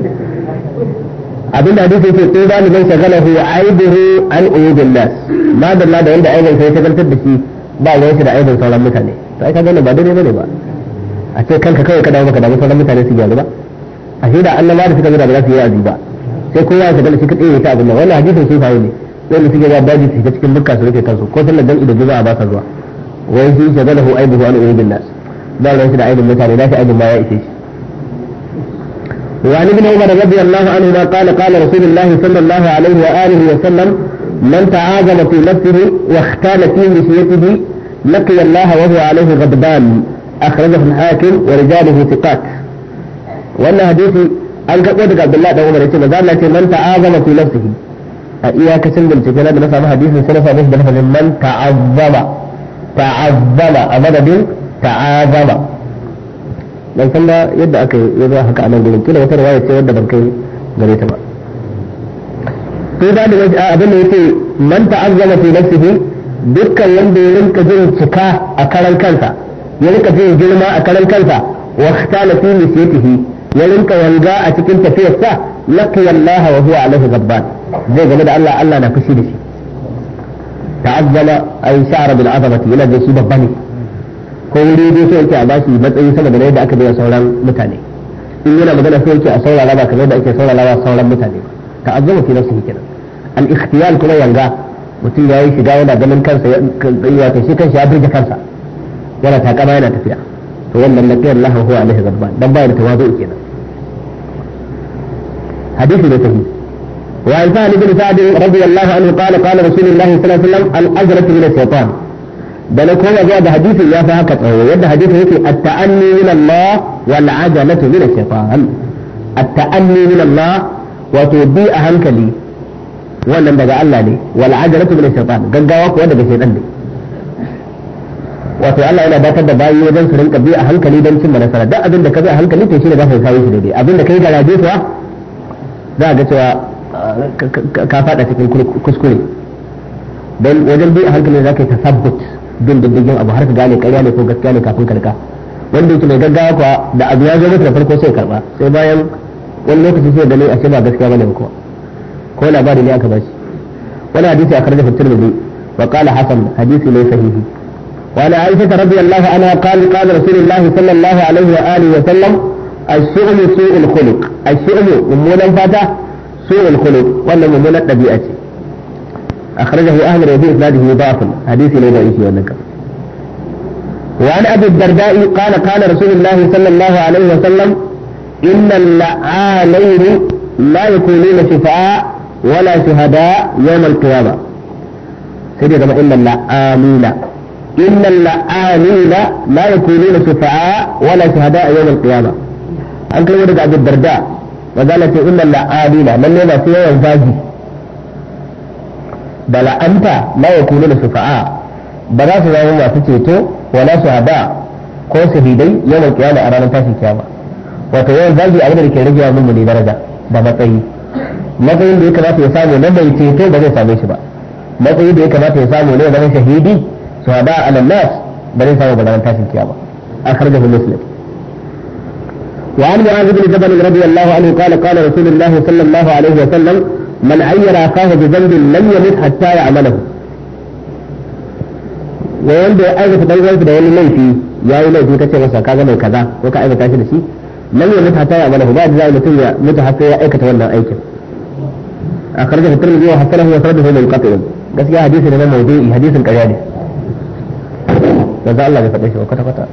abinda hadisi yake ko zalimin shagalahu aibuhu an uyubin nas ma da ma da wanda aibin sai shagaltar da shi ba ruwan shi da aibin sauran mutane to ai kaga ba daidai bane ba a ce kanka kawai ka dawo baka damu sauran mutane su gyaru ba a shi da annaba da suka zo da ba za su yi wa'azi ba sai kowa shagala shi sun sai mutum ya ga daji su cikin dukka su rufe kansu ko sallar jam'i da juma'a ba sa zuwa wai shi ya zala hu aibu wa al'uri bin nas ba ran da aibin mutane da shi aibin baya ite shi wa ibn umar radiyallahu anhu ma sallallahu alaihi wa wa sallam man ta'azama fi nafsihi wa ikhtala fi nisyatihi laqiya Allah wa huwa alaihi ghadban akhrajah al-hakim wa rijaluhu thiqat wannan hadisi an kabo daga Abdullah da Umar yace manzo Allah ce man ta'azama fi nafsihi a iyakacin bincike na da na samu hadisin sai na same shi da lafazin man ta'azzama ta'azzama a madadin ta'azzama ban san yadda aka yi zuwa haka a nan gurin kila wata riwaya ce wadda ban kai gare ta ba sai ba da wajen abin da yake man ta'azzama fi nafsihi dukkan wanda ya rinka jin cika a karan kansa ya rinka jin girma a karan kansa wa ikhtala fi nisyatihi ya rinka wanga a cikin tafiyarsa laqiya Allah wa huwa alaihi gabban zai game da Allah Allah na fushi da shi ta'azzama ay sha'ara bil azamati yana da shi babba ne ko wuri dai sai yake a bashi sama da yadda aka biya sauran mutane in yana magana sai yake a saura ba kamar da ake saura saurara sauran mutane ta'azzama fi nafsihi kenan al ikhtiyal kuma yanga mutum ya yi shiga yana ganin kansa ya kai shi kansa ya burge kansa yana takama yana tafiya to wannan lafiya Allah huwa alaihi ghadban dan ba da tawazu kenan hadisi da sahihi وعن سهل بن سعد رضي الله عنه قال قال رسول الله صلى الله عليه وسلم الأجرة من الشيطان بل هو جاء بحديث يا فهكت هو يد يكي التأني من الله والعجلة من الشيطان التأني من الله وتوبي أهمك لي wannan daga Allah ne wal ajalatu min shaytan gaggawa kuwa daga shaytan ne wato Allah yana dakatar da bayi wajen su rinka bi a hankali don cimma nasara duk abin da ka bi a hankali to ne za ka kawo shi daidai abin da kai garaje za ga cewa ka fada cikin kuskure don wajen bai a hankali za ka yi tasabbut bin diddigin abu har ka gane karya ne ko gaskiya ne kafin karka wanda yake mai gaggawa kuwa da abu ya zo mata da farko sai karba sai bayan wani lokaci sai gani a ce ba gaskiya bane ko ko labari ne aka bashi wani hadisi a karja fitar da wa qala hasan hadisi ne sahihi وعن عائشة رضي الله عنها قال قال رسول الله صلى الله عليه وآله وسلم الشؤم سوء الخلق الشؤم ممولا فاتا سوء الخلق ولا ممونة طبيعة أخرجه أحمد وفي إسناده ضعف حديث لا ضعيف ونكر وعن أبي الدرداء قال قال رسول الله صلى الله عليه وسلم إن اللعانين لا يكونون شفعاء ولا شهداء يوم القيامة سيدي كما إن اللعانين إن اللعانين لا يكونون شفعاء ولا شهداء يوم القيامة أنكر ولد أبي الدرداء magana ce inna na lalle masu yawan zagi da la'anta la yakunu da sufa'a ba za su zama masu ceto wala shuhada ko shahidai yawan kiyama a ranar tashin kiyama wato yawan zagi abin da ke rage wa ne daraja da matsayi matsayin da ya kamata ya samu na bai ceto ba zai same shi ba matsayin da ya kamata ya samu ne ya zama shahidi shuhada a nan nas ba zai samu ba ranar tashin kiyama a karga muslim وعن معاذ بن جبل رضي الله عنه قال قال رسول الله صلى الله عليه وسلم من عير اخاه بذنب لم يمت حتى يعمله وين دو ايغت دو ايغت دو ايغت ليفي يا ايلو دو كتير وصا كذا من كذا وكا ايغت عشد سي لم يمت حتى يعمله بعد ذا ايغت مت حتى ايكت ولا ايك اخرجه الترمذي وحتى له وسرده من قتل بس يا حديث لنا موضوعي حديث القيادة جزاء الله بفتح وكتا كتا, كتا.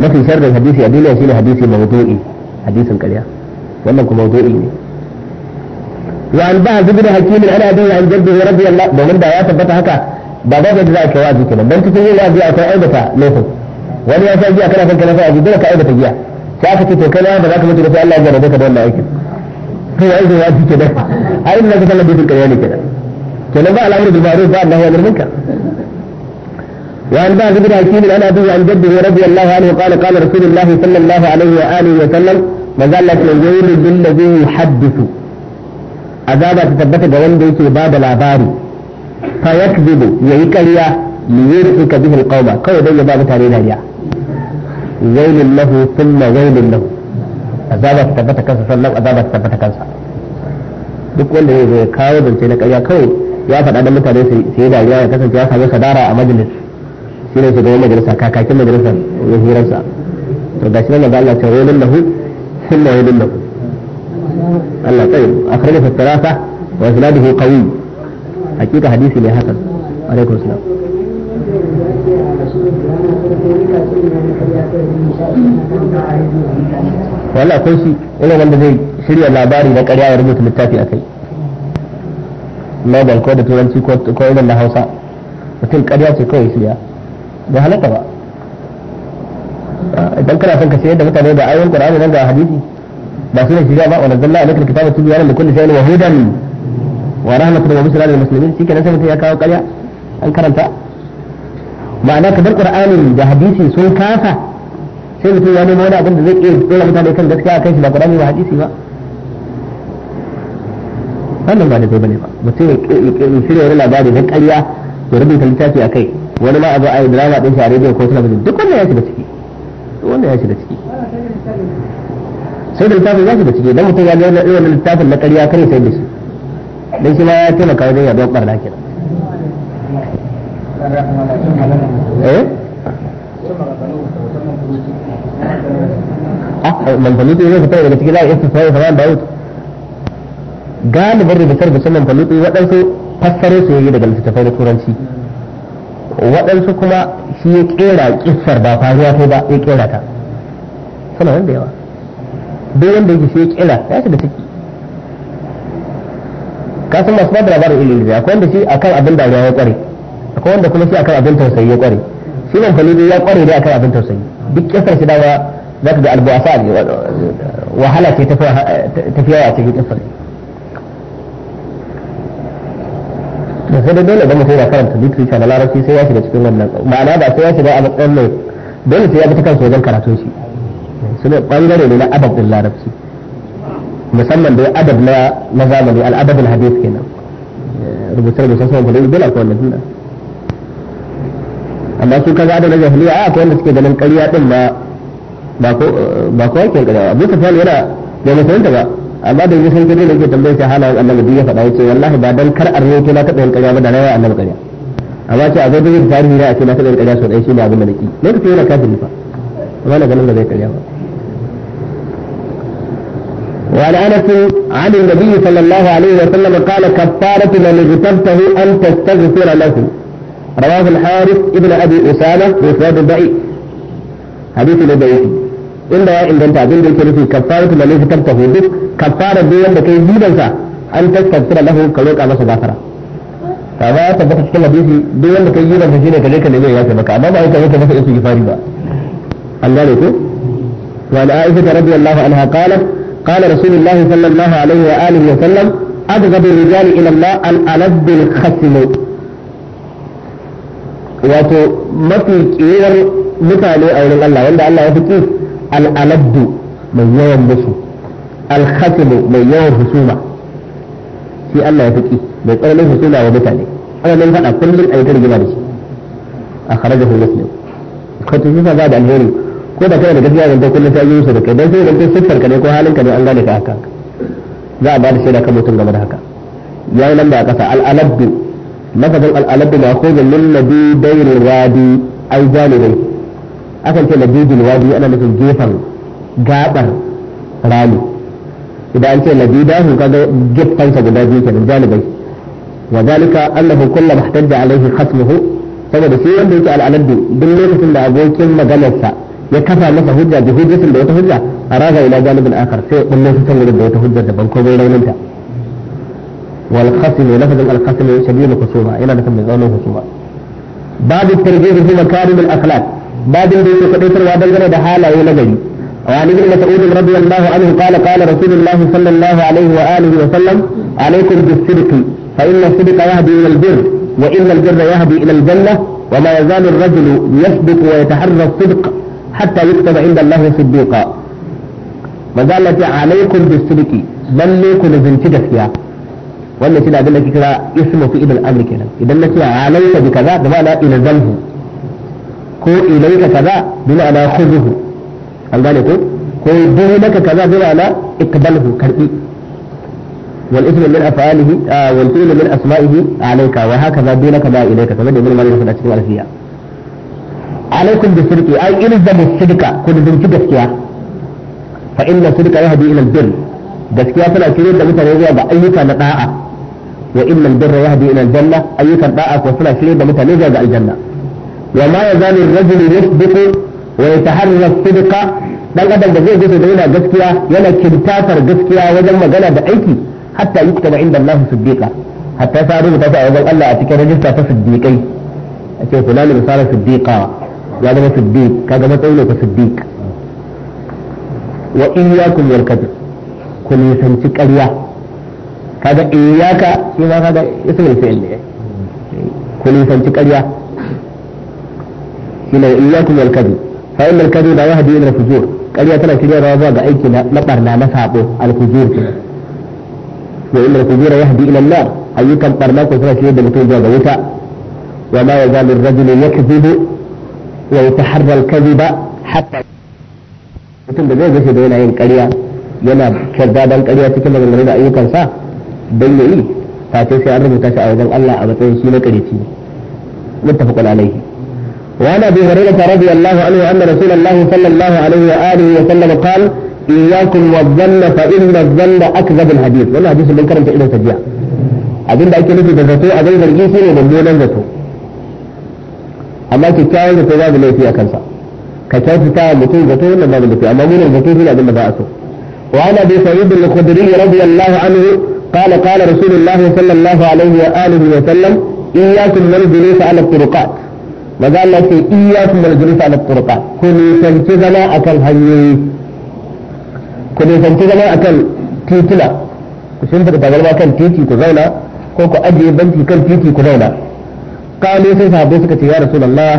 mafi sharrin hadisi a duniya shine hadisi mawdu'i hadisin ƙarya wannan kuma mawdu'i ne wa an ba'd ibn hakim ana bin an jaddi radiyallahu domin da ya tabbata haka ba ba da za ka wazi kenan dan cikin yin wazi akwai aibata laifin wani ya sa giya kana son kana sa aji dole ka aibata giya sai aka ce to kai ba za ka mutu da sai Allah ya jarabe ka da wannan aikin to ya aibata wazi kenan ai ina ka sallar bisul ƙarya ne kenan kenan ba al'amuru bil ba ba annahu wa nahy anil munkar وعن بعض بن حكيم عن أبيه عن جده رضي الله عنه قال قال رسول الله صلى الله عليه وآله وسلم ما زالت الويل بالذي يحدث عذاب تثبت جوان ديك باب العباري فيكذب يكريا ليرحك به القوم كو دي باب تارينا يا ويل له ثم ويل له عذاب تثبت كنسا صلى الله عذاب تثبت كنسا duk wanda ya kawo zance na ƙarya kawai ya faɗa da mutane su yi dariya ya kasance ya samu sadara a majalis shi ne shugaban majalisa kakakin majalisa ya hirarsa to gashi nan maza Allah ta rodin lahu sunna rodin lahu Allah tsaye akhraja fi thalatha wa isnaduhu qawi hakika hadisi ne hasan alaikum salam wannan akwai shi ina wanda zai shirya labari na ƙarya ya rubuta littafi a kai nobel ko da turanci ko da na hausa mutum ƙarya ce kawai shirya bai halatta ba idan kana son ka sayar da mutane da ayoyin qur'ani nan ga hadisi ba su ne shiga ba wa nazzalna alaikal kitaba tubyanan likulli shay'in wa hudan wa rahmatan wa bushra lil muslimin shikenan sai mutum ya kawo ƙarya an karanta ma'ana kamar qur'anin da hadisi sun kasa sai mutum ya nemo wani abin da zai iya dora mutane kan gaskiya akan shi ba qur'ani ba hadisi ba wannan ba da bai bane ba mutum ya shirya wani labari na ƙarya ya rubuta littafi a kai wani ma abu a yi drama ɗin shari'a a ko talabijin duk wanda ya shiga ciki duk wanda ya shiga ciki sai da littafin ya shiga ciki idan mutum ya ga wannan littafin na ƙarya kare sai da su don shi ma ya taimaka wajen yaduwar barna kenan eh ah, manfalutu zai fitar daga ciki za a iya fitowa da Dawud galibin rubutar da sunan falutu waɗansu fassare su yi daga littattafai na turanci waɗansu kuma shi ya ƙera ƙisar ba faruwa sai ba ya ƙera ta suna wanda yawa duk wanda yake shi ya ƙera ya da ciki ka san masu bada labarin ililu akwai wanda shi akan abin da ya ƙware akwai wanda kuma shi akan abin tausayi ya ƙware shi man fali ya ƙware dai akan abin tausayi duk ƙisar shi dama za ka ga albuwasa wahala ce tafiya a cikin kissar da sai dai dole da mutum yana karanta literature da larabci sai ya shiga cikin wannan ma'ana ba sai ya shiga a matsayin mai dole sai ya bi ta kansa wajen karatun shi su ne bangare ne na adab larabci musamman dai adab na na zamani al'adab al-hadith kenan eh, rubuce-rubuce sun gudu dole akwai wannan dinnan amma su kaza da na jahiliya a akwai wanda suke ganin ƙarya din ba ba ko ba ko yake ƙarya Abu Sufyan yana da mutunta ba amma da yake sai kare da yake tambayar shi halayen annabi duk ya faɗa yace wallahi ba dan kar arne ke na taɓa yin ƙarya ba da rawa annabi ƙarya amma ce a zo duk tarihi na a ce na taɓa yin ƙarya sau ɗaya shi ne abin da nake lokacin yana kafiri fa amma na ganin da zai ƙarya ba وعن انس عن النبي صلى الله عليه وسلم قال كفارة من اغتبته ان تستغفر له رواه الحارث ابن ابي اسامه باسناد ضعيف حديث ضعيف inda ya inganta abin da yake nufi kafara da lalle fitar tahu duk kafara da wanda kai zibansa an tasfassara lahu ka roƙa masa gafara ta ba ta baka cikin hadisi duk wanda kai zibansa shine ka je ka nemi ya maka amma ba ai ka ka masa isu gifari ba Allah ne ko wa Aisha Allah anha qalat qala rasulullahi sallallahu alaihi wa alihi wa sallam adghabu وسلم ila Allah al الله الألد khasim wato mafi ƙirar mutane a wurin Allah wanda Allah ya fi ƙi al'aladdu mai yawan musu alhasimu mai yawan husuma shi Allah ya fiki mai tsananin husuma wa mutane ana nan faɗa kullum a yi tarjima da shi a kharaja hu muslim ka tuzi fa ba da alheri ko da kana da gaskiya zan ta kullum sai yi musu da kai dan sai zan ta siffar ka ne ko halin ka ne an gane ka haka za a ba da shaida kan mutum game da haka ya yi lamba a ƙasa al'aladdu lafazin al'aladdu ma khuzun min nabi dairin radi ai jami'ai akan ce labidul wadi ana nufin gefen gabar rami idan an ce labidahu kaga gefansa guda biyu kenan jalibai wa zalika annahu kullu muhtajja alaihi khasmuhu saboda shi wanda yake al'aladu duk lokacin da abokin ya kafa masa hujja da hujjatin da wata hujja a raga ila jalibin sai ya bullo fitan wurin da wata hujja daban ko bai rauninta wal khasim lafazin al khasim shadidul khusuma yana da kan mai tsaunin khusuma babu tarjih fi makarim akhlaq babin da yake kwadaitarwa dangane da halaye na gari وعن ابن مسعود رضي الله عنه قال قال رسول الله صلى الله عليه وآله وسلم عليكم بالصدق فإن الصدق يهدي إلى البر وإن البر يهدي إلى الجنة وما يزال الرجل يصدق ويتحرى الصدق حتى يكتب عند الله صديقا مازالت عليكم بالصدق بل ليكم زنتي gaskiya wannan shi da abin da kira ismu fi ibn al-amr kenan idan nace alayka bi kaza da ba na ilzamhu ko ilaika kaza bi ma'ana khudhuhu an ko ko dai maka kaza bi ma'ana iqbalhu karbi wal ismu min af'alihi wal fi'lu min asma'ihi alayka wa hakaza bi laka la ilayka kaza da min ma'ana fada cikin alfiya alaikum bi sirqi ay ilzamu sidqa ku da dinki gaskiya fa inna sidqa yahdi ila albir gaskiya tana kire da mutane zuwa ga ayyuka na da'a wa inna albirra yahdi ila aljanna ayyukan da'a ko suna kire da mutane zuwa ga janna. وما يزال الرجل يصدق ويتحرى الصدق dan adam da zai gudu da yana gaskiya yana kintatar gaskiya wajen magana da aiki hatta yuktaba inda Allah siddiqa hatta sa rubuta tafi a wajen Allah a cikin rajista ta siddiqai a ce fulani misala siddiqa ya zama siddiq kaga matsayi ne ka siddiq wa iyyakum wal kadhib ku nisanci ƙarya kaga iyyaka shi ma kaga ismul fi'l ne ku nisanci ƙarya من إياكم والكذب فإن الكذب يهدي إلى الفجور قال يا ترى كده رابع بأيك لبرنا نفعبه الفجور وإن الفجور يهدي إلى النار أيكم برناك وترى كده بمتون جواب وتا وما يزال الرجل يكذب ويتحرى الكذب حتى mutum da zai gashi da yana yin ƙarya yana kyarda don ƙarya cikin maganganu da ayyukansa don ya yi face sai an rubuta shi a wajen Allah a matsayin shi na ƙarici وعن ابي هريره رضي الله عنه ان رسول الله صلى الله عليه واله وسلم قال اياكم والظن فان الظن اكذب الحديث wannan hadisin mun karanta irin sajiya abin da ake nufi da zato a zai zargi shine mummunan zato amma kyakkyawan zato babu laifi a kansa ka kyautata wa mutum zato wannan babu laifi amma munin zato shine abin da ba a so وعن ابي سعيد الخدري رضي الله عنه قال قال رسول الله صلى الله عليه واله وسلم اياكم والجلوس على الطرقات maza Allah ce iyyakum wal julus na turka ku nisanci zama kan hanyoyi ku nisanci zama akan tituna ku da tabarma kan titi ku zauna ko ku ajiye banki kan titi ku zauna kawo sai sahabbai suka ce ya rasulullah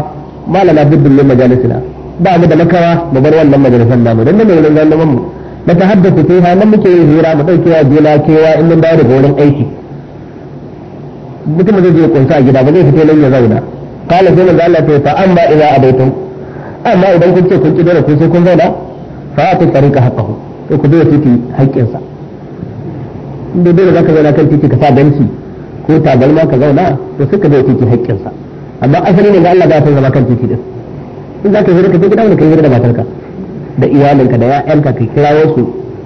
malama bibbin min majalisina ba mu da makawa mu bar wannan majalisan namu dan nan ne zan zaman mu na ta tahaddathu ha nan muke yin hira mu dauke wa jela kewa in mun dawo daga wurin aiki mutum zai je kunsa a gida ba zai fito nan ya zauna kala sai manzo Allah ce fa amma idza abaitum amma idan kun ce kun ki dole ku sai kun zauna fa atu tariqa ko to ku dole titi haƙƙin sa inda dole zaka zauna kan titi ka sa banki ko tabarma ka zauna to sai ka dole titi haƙƙin sa amma asali ne ga Allah ba ya zama kan titi din in zaka hira ka je gida wani kai hira da matarka da iyalinka da ƴaƴanka ka kirawo su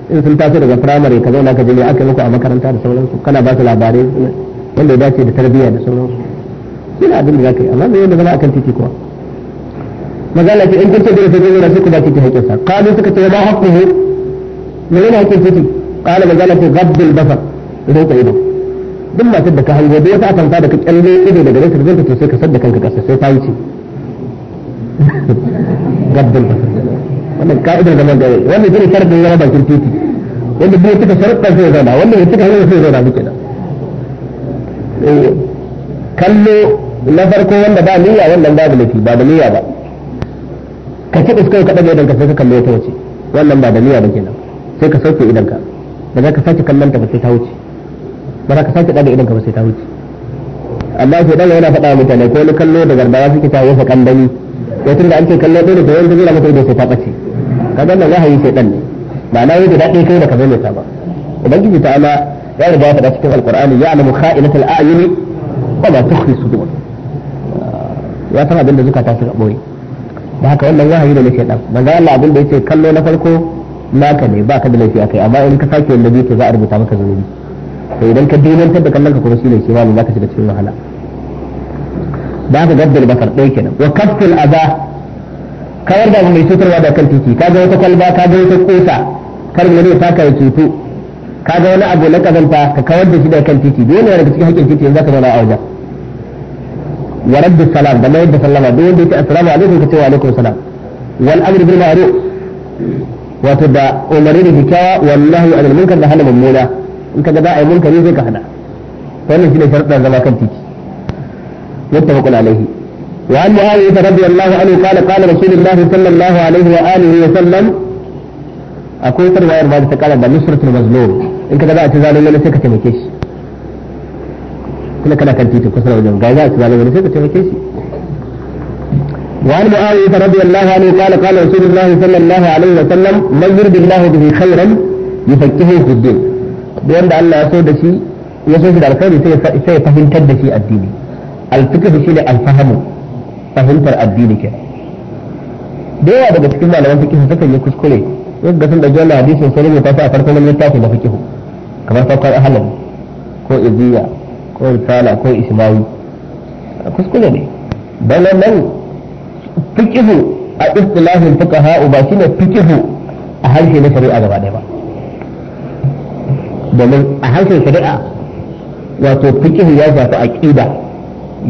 in sun taso daga firamare ka zauna ka je ne aka yi muku a makaranta da sauransu kana ba su labarai wanda ya dace da tarbiyya da sauransu kina abin da zaka yi amma me yana zama akan titi kuwa magana ce in kun ce dole sai dole sai ku ba titi haƙƙin sa qalu suka ce ba haqquhu me yana haƙƙin titi qala magana ce ghaddul basar roƙa ido duk matar da ka hango duk wata atamfa da ka kyalle ido daga rasar zanta to sai ka sadda kanka ƙasa sai ta wuce [laughs] ghaddul basar wannan ka'idar zaman da wannan shine sharadin zama bakin titi wanda bai cika sharadin sai zauna wanda ya cika hanyar sai zauna muke da kallo na farko wanda ba niyya wannan babu lafi ba da niyya ba ka ci iskar ka ɗaga idanka sai ka kalle ta wuce wannan ba da niyya ba kenan sai ka sauke idanka da za ka sake kallon ta ba sai ta wuce ba za ka sake ɗaga ka ba sai ta wuce amma sai dan yana faɗa mutane ko wani kallo da garbawa suke ta yasa kandami sai tunda an ce kallo ɗaya da wanda zai mata da sai ta ɓace kaga nan wahayi sai dan ne ba ma'ana yadda daɗin kai da ka zai ta ba ubangiji ta'ala ya riga ya faɗa cikin alqur'ani ya'lamu kha'inatal a'yuni wa ma tukhfi sudur ya san abin da zukata suka ɓoye da haka wannan wahayi da nake dan manzo Allah abin da yace kallo na farko naka ne ba ka da laifi akai amma in ka sake wanda biyu to za a rubuta maka zunubi to idan ka dinantar da kallon ka kuma shine shi ma za ka shiga cikin wahala da haka gaddal basar ɗaya kenan wa kasfil aza kawar da mai cutarwa da kan titi ka kaga wata kwalba ka kaga wata kosa kar mu ne taka ya cutu ka kaga wani abu na kazanta ka kawar da shi da kan titi dole daga cikin haƙƙin titi yanzu ka zauna a wajen wa raddu salam da mai da sallama duk wanda yake assalamu alaikum ka ce wa alaikum salam wal amru bil ma'ruf wato da umarni da kyakkyawa wallahi anil munkar da hana mummuna in kaga za a yi munkari sai ka hada wannan shine sharuɗan zama kan titi muttafaqun alaihi wa an ta mu'awiyah radiyallahu anhu qala qala rasulullahi sallallahu alaihi wa alihi wa sallam akwai tarwayar ba ta kala da nusratul mazlum in kaga za a ci zalunci sai ka taimake shi kila kana kan titin kusa da wajen ga za su zalunci wani sai ka taimake shi وعن معاوية رضي الله عنه قال قال رسول الله صلى الله عليه وسلم من يرد الله به خيرا يفكهه في الدين بأن الله يسود شيء يسود الخير سيفهم تد شيء الدين الفكر شيء الفهم فهمت الدين كده da yawa daga cikin malaman fikihu sukan yi kuskure yadda sun ɗauki wannan hadisin sai ne ta fi a farkon wani littafi na fikihu kamar saukar ahalan ko iziya akwai risala akwai isma'i kuskure ne bala nan fikihu a istilahin fuqaha ba shine fikihu a harshe na shari'a gaba ɗaya ba domin a harshen shari'a wato fikihu ya shafi aqida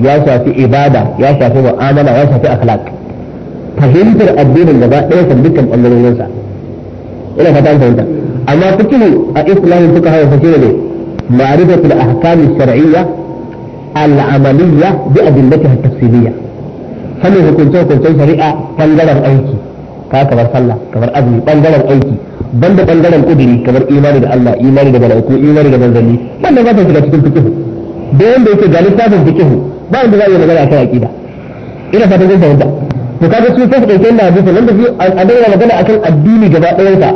ya shafi ibada ya shafi mu'amala ya shafi akhlaq fahimtar addinin gaba ɗaya kan dukkan ɓangarorinsa ina fata fahimta amma fikihu a istilahin fuqaha ba shine ne معرفة الأحكام الشرعية العملية بأدلتها التفصيلية sanin hukunce-hukuncen shari'a ɓangaren aiki ka kamar sallah kamar azumi ɓangaren aiki banda ɓangaren kudiri kamar imani da Allah imani da malaiku imani da manzanni wannan ba ta shiga cikin fikihu da yanda yake ga littafin fikihu ba wanda za a yi magana akan aqida ina fatan su sai su dauke ina hadisi nan da su a daina magana akan addini gaba ɗayan sa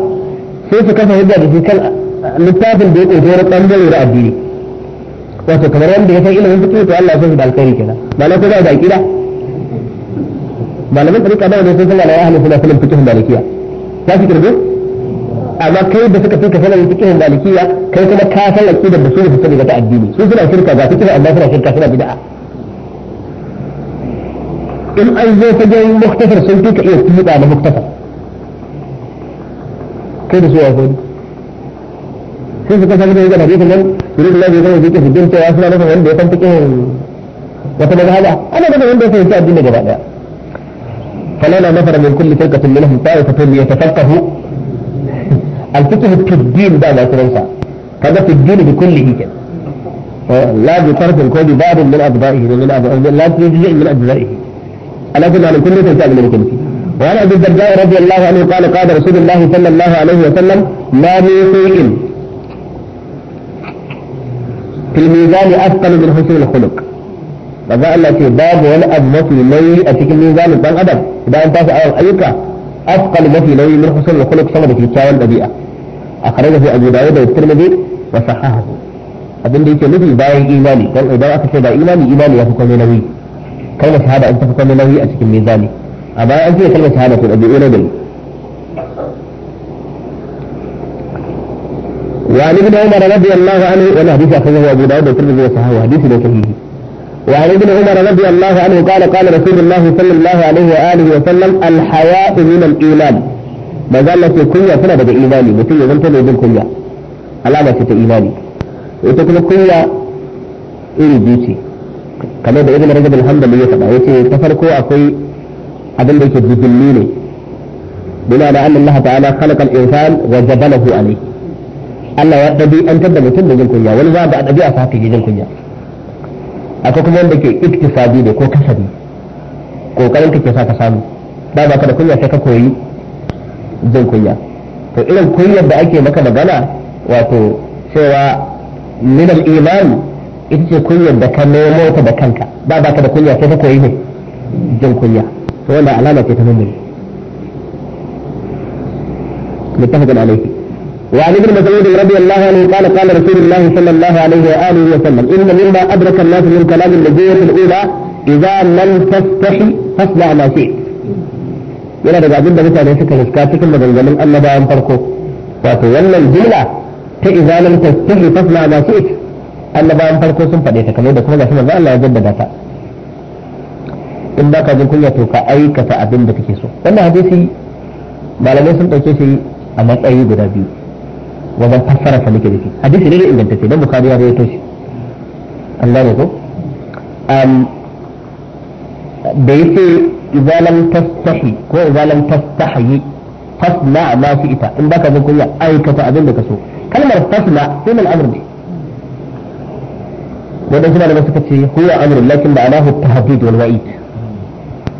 sai su kafa hujja da kan littafin da ya ƙunshi wani ɓangare da addini wato kamar wanda ya san ilimin fiqh to Allah ya san da alkhairi kenan malai ko da aqida malamin tariqa da sun san malai ahli sunna filin fiqh malikiya ya fi kirgo amma kai da suka fi fika sanin fiqh malikiya kai kuma ka san aqida da su ne sani ga addini su suna shirka ga fiqh amma suna shirka suna bid'a in an zo fagen muktasar sun fi ka iya tuba da muktasar kai da su ya gani sai su da nan wanda ya wata ana wanda ya fahimci addini gaba daya فلولا نفر من كل فرقة منهم طائفة ليتفقهوا الفقه في الدين بعد ما تنسى هذا في الدين بكل كده لا بطرف الكود باب من أبضائه من أجزائه لا من أبضائه أنا أقول من كل تنتهي من كل وعن أبي الدرداء رضي الله عنه قال قال رسول الله صلى الله عليه وسلم ما من شيء fil mizani afqalu min husnul khuluq manzo Allah ce babu wani abu mafi nauyi a cikin mizanin dan adam idan an tashi ayyukan ayyuka afqalu mafi nauyi min husnul khuluq sama da kyakkyawan dabi'a akhrajahu abu dawud da tirmidhi wa sahahahu abin da yake nufi bayan imani dan idan aka ce da imani imani ya fi komai nauyi kalmar shahada an tafi komai nauyi a cikin mizani a bayan an ce kalmar shahada to ne وعن ابن عمر رضي الله عنه والحديث أخرجه أبو داود والترمذي وصححه حديث لا صحيح وعن ابن عمر رضي الله عنه قال قال رسول الله صلى الله عليه وآله وسلم الحياء من الإيمان ما زال لك كنيا كنا بدأ إيماني متى يزمت له يزم كنيا علامة في إيماني وتكون كنيا إيري بيتي كما da ibn rajab alhamdulillah ya faɗa yace ta farko akwai abin da yake bijilli ne bila da anna Allah ta'ala khalaqa al-insan wa jabalahu alayhi Allah ya an da mutum da jin kunya wani za ga a ɗabi'a sa haka jin kunya akwai kuma wanda ke iktisadi ne ko kasabi kokarin ka ke sa ka samu ba ba ka da kunya sai ka koyi jin kunya to irin kunyar da ake maka magana wato cewa min al-iman ita ce kunyar da ka nemo ta da kanka ba ba ka da kunya sai ka koyi ne jin kunya to wanda alama ce ta mummuni متفق alaihi وعن ابن مسعود رضي الله عنه قال قال رسول الله صلى الله عليه واله وسلم ان مما ادرك الناس من كلام النبي في الاولى اذا لم تستحي فاصنع ما شئت yana daga abin da mutane suka riska cikin maganganun annabawan farko wato wannan jumla ta izalam tastahi fasna ma shi'it annabawan farko sun faɗe ta kamar da kuma gashi manzo Allah ya jaddada ta in ba ka jin kunya to ka aikata abin da kake so wannan hadisi malamai sun ɗauke shi a matsayi guda biyu wajen fassara sa nake nufi hadisi ne da ingantacce dan bukhari ya rawaito shi Allah ne ko am da yake idza lam tastahi ko idza lam tastahi fasla ma fi ita in baka jin kunya aikata abin da ka so kalmar fasla sai min amr ne wanda suna da suka ce huwa amr lakin da alahu tahdid wal wa'id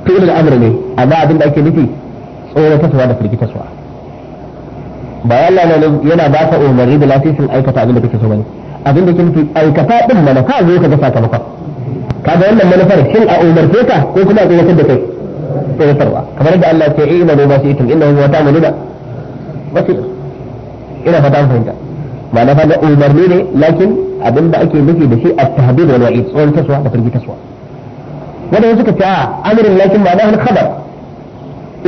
to al-amr ne amma abin da ake nufi tsoratarwa da firgitarwa ba ya Allah yana ba ka umarni da lasisin aikata abin da kake so bane abin da ke nufi aikata din mana ka zo ka ga sakamakon kaga wannan manufar shin a umarce ka ko kuma a tsoratar da kai tsoratarwa kamar da Allah ce ina da basu itin inna huwa ta'malu da basu ina fata mun fahimta ma'ana fa da umarni ne lakin abin da ake nufi da shi at-tahdid wal wa'id tsoron taswa da firgi taswa wanda suka ce a amrin lakin ma'ana al-khabar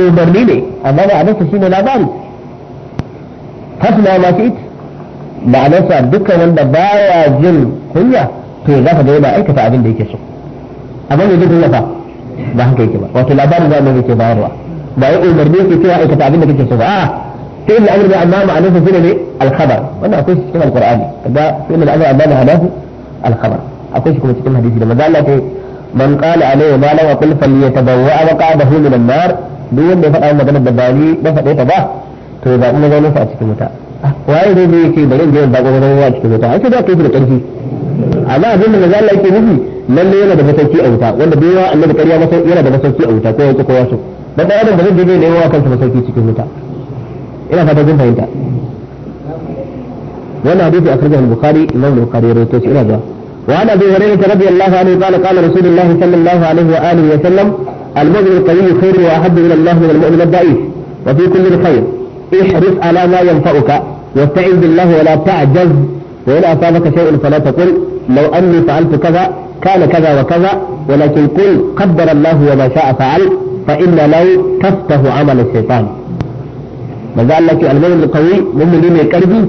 umarni ne amma ba a abin shi ne labari tasla ma fi ma'anarsa dukkan wanda baya jin kunya to ya zaka da ba aikata abin da yake so amma ne duk kunya fa ba haka yake ba wato labarin da annabi yake bayarwa ba ya umarni yake cewa aikata abin da kake so ba a'a sai da amri da amma ma'anarsa shine ne al-khabar wannan akwai cikin al-qur'ani kaga sai da amri amma hadafu al-khabar akwai shi kuma cikin hadisi da manzo Allah ya man qala alayhi ma la wa qul falyatabawa wa qa'dahu min an-nar duk wanda ya faɗa maganar da ba ni na ta ba to ba zaɓi mazaunin sa a cikin wuta ah, waye zai zai yake bari in ba in zaɓi a cikin wuta ake za ka yi da ƙarfi amma abin da mazala yake nufi lalle yana da masauki a wuta wanda bai yawa annabi ƙarya yana da masauki a wuta ko ya ko ya so dan adam da zai je ne yawa kansa masauki cikin wuta ina fata kun fahimta wannan hadisi a al-bukhari imam bukhari rawaito shi ina da وعن ابي هريره رضي الله عنه قال قال رسول الله صلى الله عليه واله وسلم المؤمن القوي خير واحب الى الله من المؤمن الضعيف وفي كل خير احرص على ما ينفعك واستعن بالله ولا تعجز وإن أصابك شيء فلا تقل لو أني فعلت كذا كان كذا وكذا ولكن قل قدر الله وما شاء فعل فإن لو تفته عمل الشيطان ما قال لك المؤمن القوي مؤمن من كربي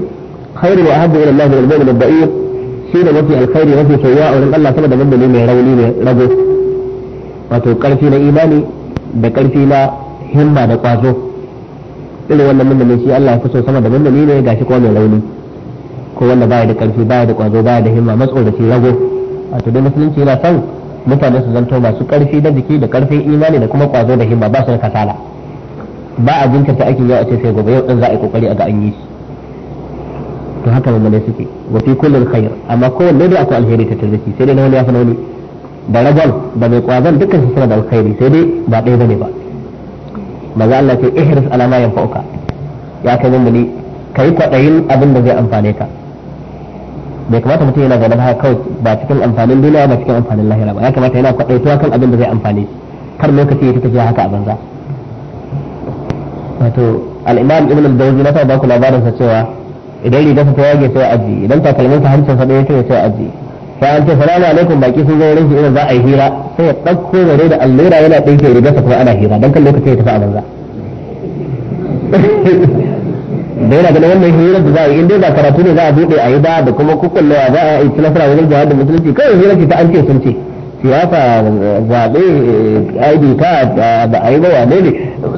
خير وأحب إلى الله من المؤمن الضعيف shi da mafi alkhairi mafi soyuwa a wurin Allah sama da mummuni mai rauni mai rago wato karfi na imani da karfi na himma da kwazo irin wannan mummuni shi Allah ya kuso sama da mummuni ne gashi ko mai launi ko wanda baya da karfi baya da kwazo baya da himma matsoraci rago to dai musulunci yana son mutane su zanto masu karfi da jiki da karfin imani da kuma kwazo da himma ba su da kasala ba a ta aikin yau a ce sai gobe yau din za a yi kokari a ga an yi shi to haka mummune suke wa fi kullul khair amma ko kowanne dai akwai alheri ta tarzaki sai dai na wani ya fi nauni da ragon da mai kwazon dukkan su suna da alkhairi sai dai ba ɗaya bane ba maza Allah ce ihris ala ma yanfa'uka ya kai mummuni kai kwadayin abin da zai amfane ka bai kamata mutum yana zaune haka kawai ba cikin amfanin duniya ba cikin amfanin lahira ba ya kamata yana kwadaituwa kan abin da zai amfane kar lokaci ya tafiya haka a banza wato al-imam ibn al-dawzi na ba ku labarin sa cewa idan rigarsa ta yage sai aji idan takalmin sa hancin sa ɗaya sai sai aji sai an ce salamu alaikum baki sun zo wurin shi idan za a yi hira sai ya ɗauko ware da allura yana ɗinke rigarsa kuma ana hira don kan lokacin ya tafi a banza da yana ganin wannan hirar da za a yi inda ba karatu ne za a buɗe a yi ba da kuma kukullewa za a yi tilasara wajen jihar da musulunci kawai hirar ce ta an ce sun ce siyasa zaɓe aidi ka ba a yi ba wane ne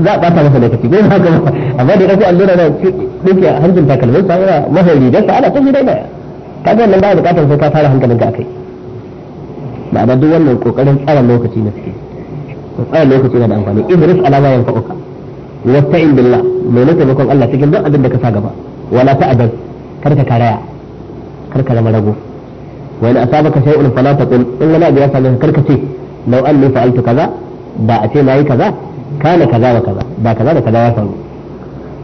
za a ɓata masa lokaci ko ba ka amma da ɗauko allura na ɗinke hancin takalmin sa yana masa rigarsa ana ta hirar da kaga nan ba buƙatar sai ka fara hankalinka a kai ma'ana duk wannan kokarin tsara lokaci na suke tsara lokaci na da amfani idris alama yan fa'uka wasta'in billah mai nake bakon Allah cikin duk abin da ka sa gaba wala ta'abas kar ka karaya kar ka zama rago wani asabaka shay'un fala taqul in wani abu ya same ka kar ka ce law anni fa'altu kaza da a ce nayi kaza kana kaza wa kaza ba kaza da kaza ya faru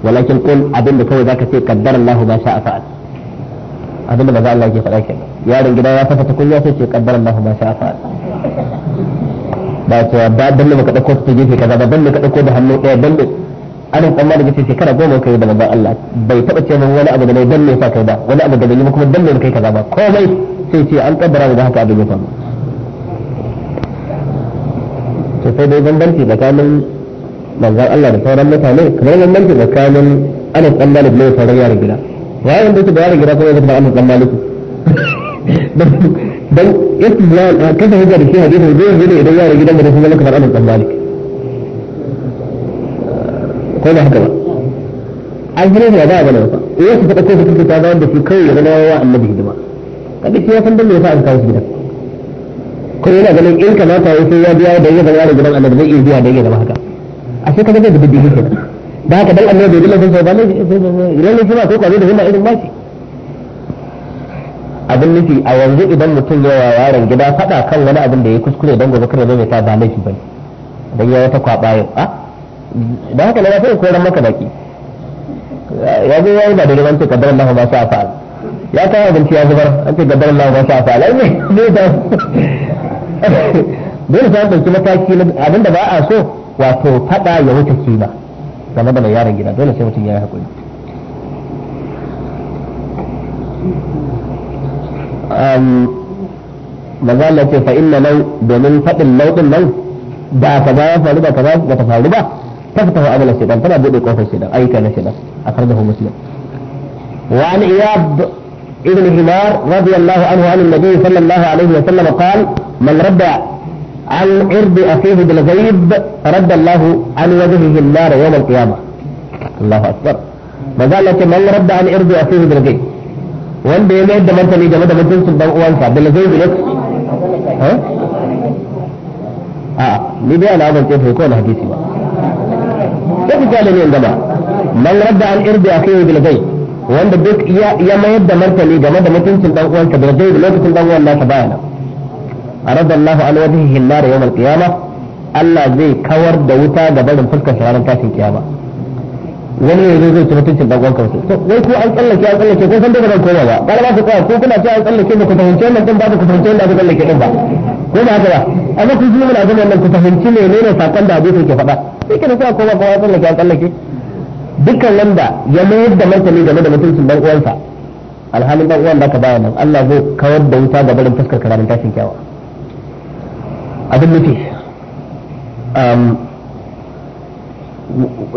walakin qul abin da kawai zaka ce qaddara Allah ba sha'a fa'al abin da maza Allah yake faɗa kenan yaron gida ya fasa takunya sai ce kaddara Allah ma sha fa ba ce ba dan ba ka dauko ta gefe kaza ba dan ka dauko da hannu daya dan anan amma daga ce shekara goma kai da babban Allah bai taba ce mun wani abu da mai dan ne kai ba wani abu da bai kuma dan ne kai kaza ba komai sai ce an kaddara da haka a ya faru to sai dai bambanci tsakanin manzon Allah da sauran mutane kamar bambanci tsakanin anas dan malik ne sauran yaran gida yayin da su da yaran gida kuma da anas dan malik dan islam a kafa hujjar shi hadisin zai zo ne idan yara gidan da sun zama kamar anas dan malik ko ba haka ba an gina ne ba bane ba eh su fada ko su ta ba wanda su kai ya zama wa annabi hidima kada ki ya san dan me yasa an kawo gidan ko yana ganin in kamata ya sai ya biya da ya zama gidan annabi zai iya biya da ya zama haka a sai kaga zai da bidihi kenan da haka dan annabi bai dilla sun ba ne idan ne ba ko kwazo da himma irin ba shi abin nufi a yanzu idan mutum ya wa yaron gida faɗa kan wani abin da ya kuskure don gobe kare zai ta ba laifi bane dan ya ta kwaba yau a da haka ne sai koran maka baki ya ga yayi ba da ruwan ce kaddar Allah ba sha fa ya kawo abinci ya zubar an ce kaddar Allah ba sha fa ai ne da [laughs] dole sai an dauki mataki abin da ba a so wato faɗa ya wuce kima game da yaron gida dole sai mutum ya yi hakuri maza فإن لو بمن inna lau domin دا كذا nan da كذا ya faru da kaza تفتح أمل الشيطان فلا بد يقوف الشيطان أي كان الشيطان أخرجه مسلم وعن إياب ابن همار رضي الله عنه عن النبي صلى الله عليه وسلم قال من رد عن عرض أخيه بالغيب رد الله عن وجهه النار يوم القيامة الله أكبر ما من رد عن عرض أخيه بالغيب wanda ya mayar da martani game da mutuncin dan uwansa da lazai bilet a ni dai ana ban tsefe ko da hadisi ba sai ku kyale ne gaba man radda an irbi a kai bilgai wanda duk ya mayar da martani game da mutuncin dan uwansa da lazai lokacin dan uwan nasa bayana arada Allah an wajhihi an-nar yawm al-qiyamah Allah zai kawar da wuta ga barin fuskar shi ranar tashin kiyama wani ne zai zai ci mutuncin dan wankan su wai ku an tsallake an tsallake ko san daga ban koma ba ba ba su kawai ko kuna ce an tsallake ba ku fahimci wannan din ba ku fahimci wannan aka tsallake din ba ko ba haka ba amma ku ji mun zama nan ku fahimci ne ne sakon da abu ke faɗa sai da sai koma ko an tsallake an tsallake dukkan wanda ya mayar da martani game da mutuncin dan uwansa alhalin dan uwan da ka baya nan Allah zai kawar da wuta ga barin fuskar karamin tashin kyawa abin nufi um,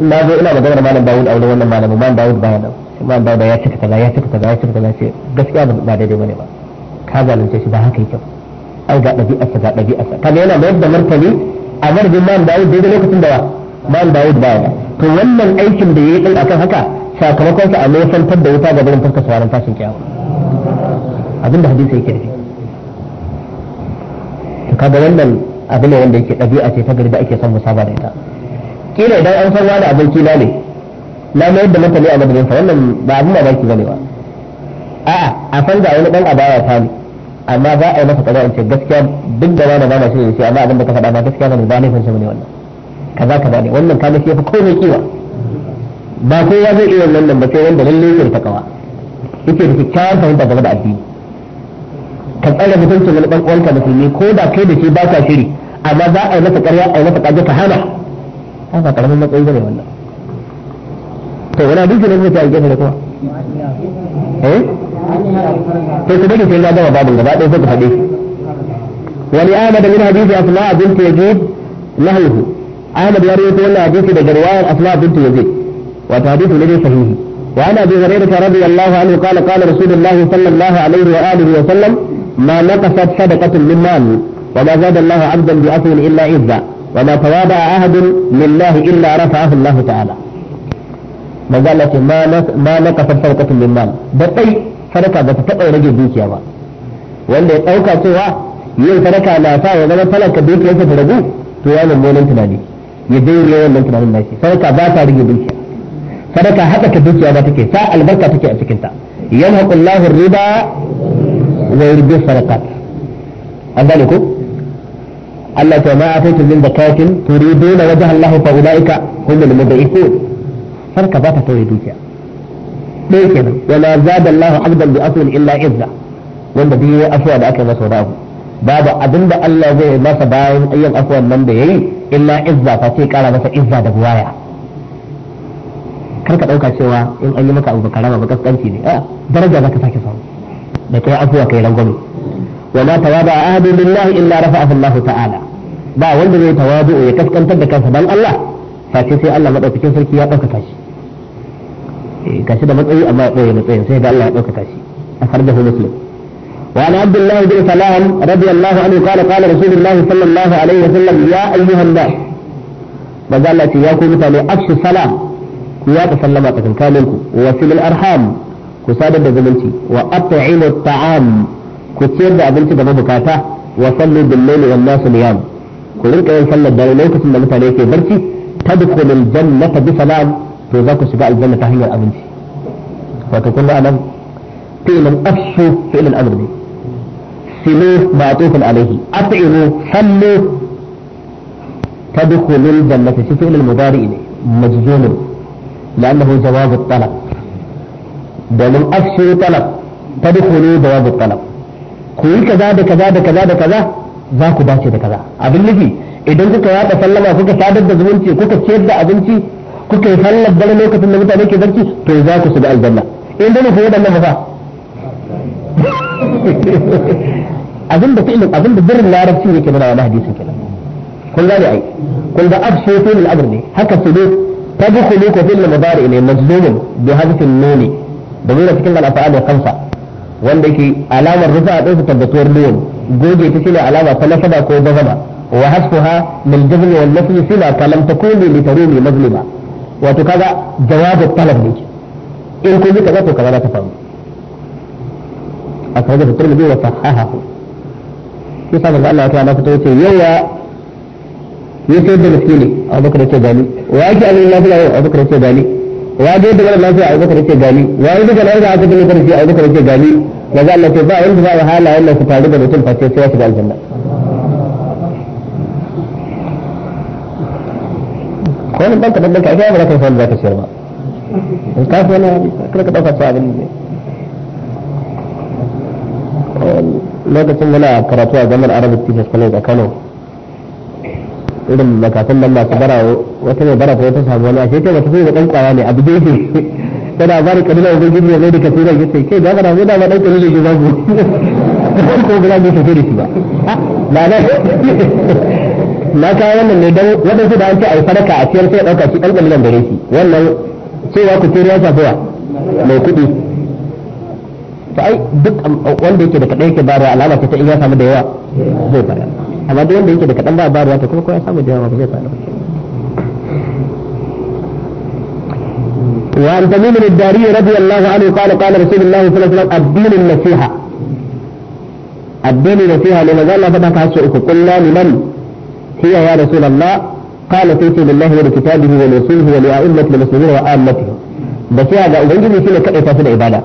na zo ina magana da malam Dawud a wani wannan malamin malam Dawud baya nan sai malam Dawud ya cika kaza ya cika kaza ya cika kaza ce gaskiya ba daidai bane ba ka zalunce shi ba haka yake ai ga ɗabi'arsa ga ɗabi'arsa kamar yana mayar da martani a marbin malam Dawud daidai lokacin da ba malam Dawud baya nan to wannan aikin da yayi din akan haka sakamakon sa a nesantar da wuta ga gurin fuskar sauran fashin kiyama abinda hadisi yake shi kaga wannan abu ne wanda yake ɗabi'a ce ta gari da ake son musaba da ita kila idan an san wani aboki na ne na mayar da mutane a madadin sa wannan ba abin da baki bane ba a'a a san ga wani dan adawa ta ne amma za a yi masa kaza in ce gaskiya duk da wani bana shi ne shi amma abin da ka faɗa ba gaskiya bane ba ne san shi ne wannan kaza kaza ne wannan ka shi fa komai kiwa ba kowa zai iya wannan ba sai wanda lalle yake ta kawa yake da kyakkyawar fahimta game da addini ka tsara mutuncin wani ɗan uwanka musulmi ko da kai da shi ba ka shiri amma za a yi masa ƙarya a yi masa ƙarya ka hana haka karamin matsayi bane wannan to wala duk ne mutum ya gefe da kuma eh to ku dake sai ya gama babin gaba ɗaya sai ku faɗe wani ahmad min hadisi asma bint yazid lahu ahmad ya rawaito wannan hadisi daga riwayar asma bint yazid wato hadisi ne sahihi وعن ابي هريره رضي الله عنه قال قال رسول الله صلى الله عليه واله وسلم ما نقصت صدقه من مال وما زاد الله عبدا بعفو الا عزا ولا تواضع أحد لله إلا رفعه الله تعالى ما قالت ما ما نقصت صدقة من مال بتتقوى رجل دوكيا با wanda ya ɗauka cewa yin sadaka na sa ya zama talaka da yake ta ragu to ya mummunan tunani ya daure wannan tunanin nashi sadaka ba ta rage dukiya sadaka haɗaka dukiya ba take sa albarka take a cikin ta riba wa yurbi an Allah ta ma ataitu min zakatin turiduna wajha Allah fa ulaika humul mud'ifun har farka ba ta kawai dukiya dai kenan wala zada Allah abdan bi asl illa izza wanda bi ya afwa da aka masa babu babu abinda Allah zai masa bayan ayyan afwan nan da yayi illa izza fa sai kara masa izza da buwaya kar dauka cewa in an yi maka abu karama ba kaskanci ne a daraja zaka sake samu da kai afwa kai rangwame ولا تواضع أحد لله إلا رفعه الله تعالى ba wanda zai tawazu ya kaskantar da kansa dan Allah face sai Allah madaukakin sarki ya ɗaukaka shi gashi da matsayi amma ya ɓoye matsayin sai da Allah ya ɗaukaka shi a farjahu muslim وعن عبد الله بن سلام رضي الله عنه قال قال رسول الله صلى الله عليه وسلم يا أيها الناس ماذا التي يقول مثلا أفشوا السلام يا تسلم تكن كاملكم وسل الأرحام كسادة زمنتي وأطعموا الطعام ku ciyar da abinci ga mabukata wa sallu bil layli wan nasu niyam ku rinka yin sallar dare lokacin da mutane ke barci tadkhulul jannata bi salam to za ku shiga aljanna ta hanyar abinci wato kun anan fi'lan afshu fi'lan amr ne silu ma'tufun alayhi at'imu sallu tadkhulul jannata shi fi'lan mudari ne majzum لأنه جواب الطلب domin afshu talab tadkhulu jawab talab ku yi kaza da kaza da kaza da kaza za ku dace da kaza abin nufi idan kuka yaɗa sallama kuka sadar da zumunci kuka ciyar da abinci kuka yi sallar dare lokacin da mutane ke barci to za ku shiga aljanna in dai ku wadannan fa [laughs] abin da fi'ilin abin da birnin larabci ne ke nuna wani hadisin kenan kun gane ai kun ga abshe fi'il al-amr ne haka su ne tadkhulu ko fi'il mudari ne majzumun bi hadithin nuni da nuna cikin al-af'al khamsa wanda ke alamar rufa a ɗansa tabbatuwar liyun goge ta shi ne alama ta nasaba ko bazaba wa hasfuha min jazmi wal nafi sila ka lam takuni li tarumi mazlima wato kaga jawabu talab ne in kun ji kaza to kaza ta faru akwai da turmi wa sahahahu shi sa manzo Allah ya ta'ala fito yace yawa yace da miskini Abu Bakar yace gani wa yake Allah ya lafiya Abu Bakar yace gani ya je da mara lafiya Abu Bakar yake gani ya yi daga lafiya aka bin karfi Abu Bakar yake gani maza Allah ce ba wanda ba wahala wannan su faru da mutum face sai ya shiga aljanna wani ban ka dandanka ita ya mara kai wanda za ka ciyar ba in ka fi wani kada ka ɗauka cewa abin ne lokacin muna karatu a zaman arabic teachers college a kano irin matakan nan masu bara wata mai bara wata samu wani ashe ta wata sai da ɗan ne abu gefe tana ba da kaduna wajen jirgin ne da kasura ya ce kai da kana mu da ɗan kaduna ke zagu ko ba za tafi da shi ba ba na na kawo wannan ne don waɗansu da an ce a yi sadaka a ciyar sai ɗauka shi ɗan ƙalilan gare shi wannan cewa ku ce ya shafi wa mai kuɗi ai duk um, wanda yake da kaɗai yake bayarwa alama ce ta in ya samu da yawa zai bayar amma duk wanda yake da kaɗan ba bayarwa to kuma ko ya samu da yawa ba zai faru وعن تميم الداري رضي الله عنه قال قال رسول الله صلى الله عليه وسلم الدين النصيحه الدين النصيحه لما قال الله فما قلنا لمن هي يا رسول الله قال تيتي لله ولكتابه ولرسوله ولأئمة المسلمين وآمتهم بس هذا أبنجي في العبادة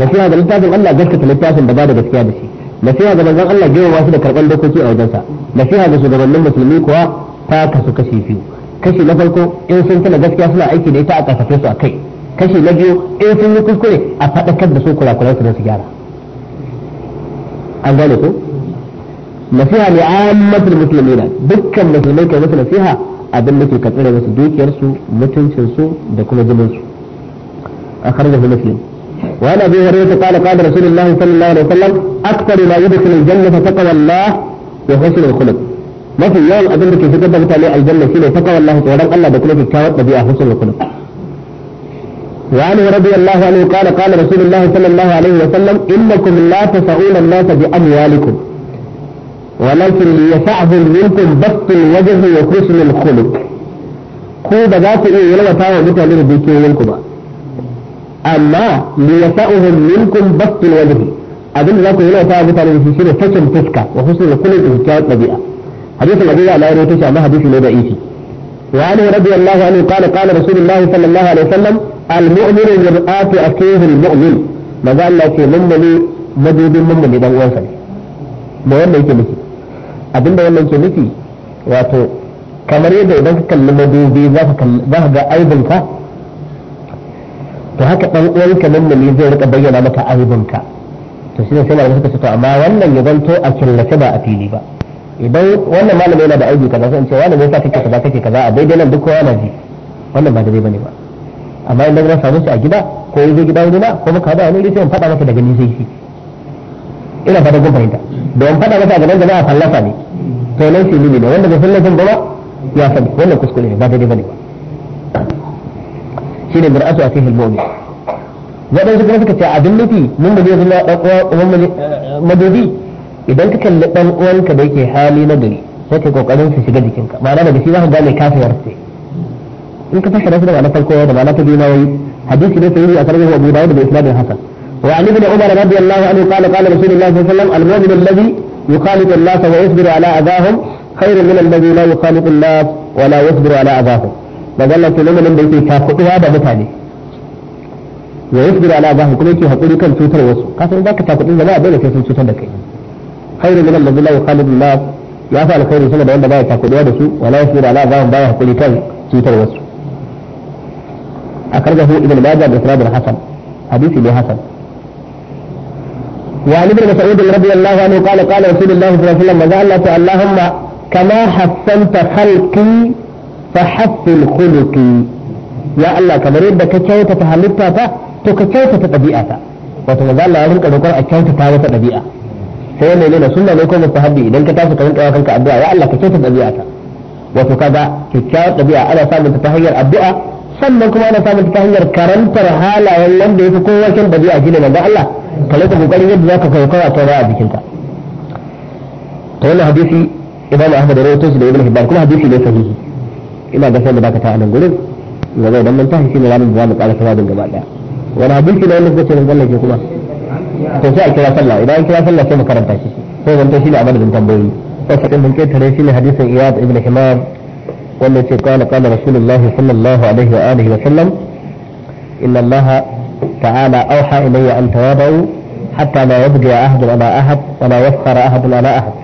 بس هذا لتاس الله قلت لتاس ببادة بسيادة شيء nasiha ga manzon Allah girmama su da karban dokoki a wajensa nasiha ga shugabannin musulmi kuwa ta kasu kashi biyu kashi na farko in sun tana gaskiya suna aiki da ita a kasafe su a kai kashi na biyu in sun yi kuskure a faɗakar da su kurakuransu don su gyara an gane ko nasiha ne ammatul muslimina dukkan musulmai kai musu nasiha abin da ke katsira musu dukiyarsu mutuncinsu da kuma zumunsu a kharjahu muslim وعن ابي هريره قال قال رسول الله صلى الله عليه وسلم اكثر ما يدخل الجنه تقوى الله وحسن الخلق ما في يوم da ke في da عليه الجنه shine تقوى الله tsoron الله بكل في kyakkyawar dabi'a حسن الخلق وعن رضي الله عنه قال قال رسول الله صلى الله عليه وسلم انكم لا تسعون الناس باموالكم ولكن ليسعهم منكم بسط الوجه وحسن الخلق كوبا ذات ايه ku iya yalwata wa mutane amma li yasa'uhum minkum bastul wajhi abin da za ku yi mutane da shine fashin fuska wa husnul khuluq da dabi'a hadisin da Allah ya rawaito shi hadisi ne da isi وعنه رضي الله عنه قال قال رسول الله wannan yake nufi abinda wannan nufi wato kamar yadda idan ka kalli madubi za ka ga aibinka to haka dan uwanka nan ne zai rika bayyana maka aibinka to shi ne sai malamai suka ce to amma wannan ya zanto a killace ba a fili ba idan wannan malami yana da aibi kaza sai ce wannan ne sa kake kaza kake kaza a daidai nan duk kowa na ji wannan ba daidai bane ba amma idan ka samu shi a gida ko yaje gida wani na ko muka da wani sai in faɗa maka daga ni sai shi ina fata kun fahimta don fada maka gaban jama'a fallafa ne to nan sai ne wanda bai fallafin ba ya sani wannan kuskure ne ba daidai bane ba shine bir'atu a cikin hilbobi waɗansu kuma suka ce abin nufi mun madobi na ɗan uwa eh, madobi idan ka kalli ɗan uwanka da yake hali na gari sai ka kokarin su shiga jikinka ma'ana daga shi za ka gane kafiyar ce in ka fashe su da ma'ana farko da ma'ana ta biyu na wai hadisi ne sahihi a karbar Abu Dawud da Isnad Hasan وعن ابن عمر رضي الله عنه قال قال رسول الله صلى الله عليه وسلم المؤمن الذي يخالط الناس ويصبر على اذاهم خير من الذي لا يخالط الناس ولا يصبر على اذاهم magana ce lamarin da yake takuɗuwa da mutane wa yasbir ala bahu kuma yake hakuri kan cutar wasu ka san zaka takuɗin jama'a dole sai sun cutar da kai khairu min alladhi la yukhalidu nas ya fa alkhairu sama da wanda baya takuɗuwa da su wala yasbir ala bahu baya hakuri kan cutar wasu أخرجه ابن ماجه بإسناد حسن حديث ابن حسن وعن ابن مسعود رضي الله عنه قال قال رسول الله صلى الله عليه وسلم اللهم كما حسنت خلقي fahaffil khuluqi ya Allah kamar yadda ka kyautata halitta ta to ka kyautata dabi'a ta wato manzo Allah ya rinka roƙon a kyautata mata ɗabi'a sai wannan ne da sunna ne ko mustahabi idan ka tafi ka rinka yawa kanka addu'a ya Allah ka kyautata ta wato ana samun ta sannan kuma ana samun ta hanyar karantar halayen wanda yake kowa kyan ɗabi'a shine manzo Allah ka rika kokarin yadda zaka kai kowa ta ra'a ka to wannan hadisi Imam Ahmad da shi da Ibn Hibban kuma hadisi ne sahihi ina da sai da dakata a nan gurin ga zai dan tashi shine ranar da zamu ƙara sababin gaba daya wala duk da wannan kuka ce mun tsallake kuma to sai a kira sallah idan an kira sallah sai mu karanta shi sai zanto shine a madadin tambayoyi wasu kan mun ketare shine hadisin iyad ibn himar wanda ce kana kana rasulullah sallallahu alaihi wa alihi wa sallam inna allaha ta'ala awha ilayya an tawadu hatta la yabghi ahadun ala ahad wa la yafkhara ahadun ala ahad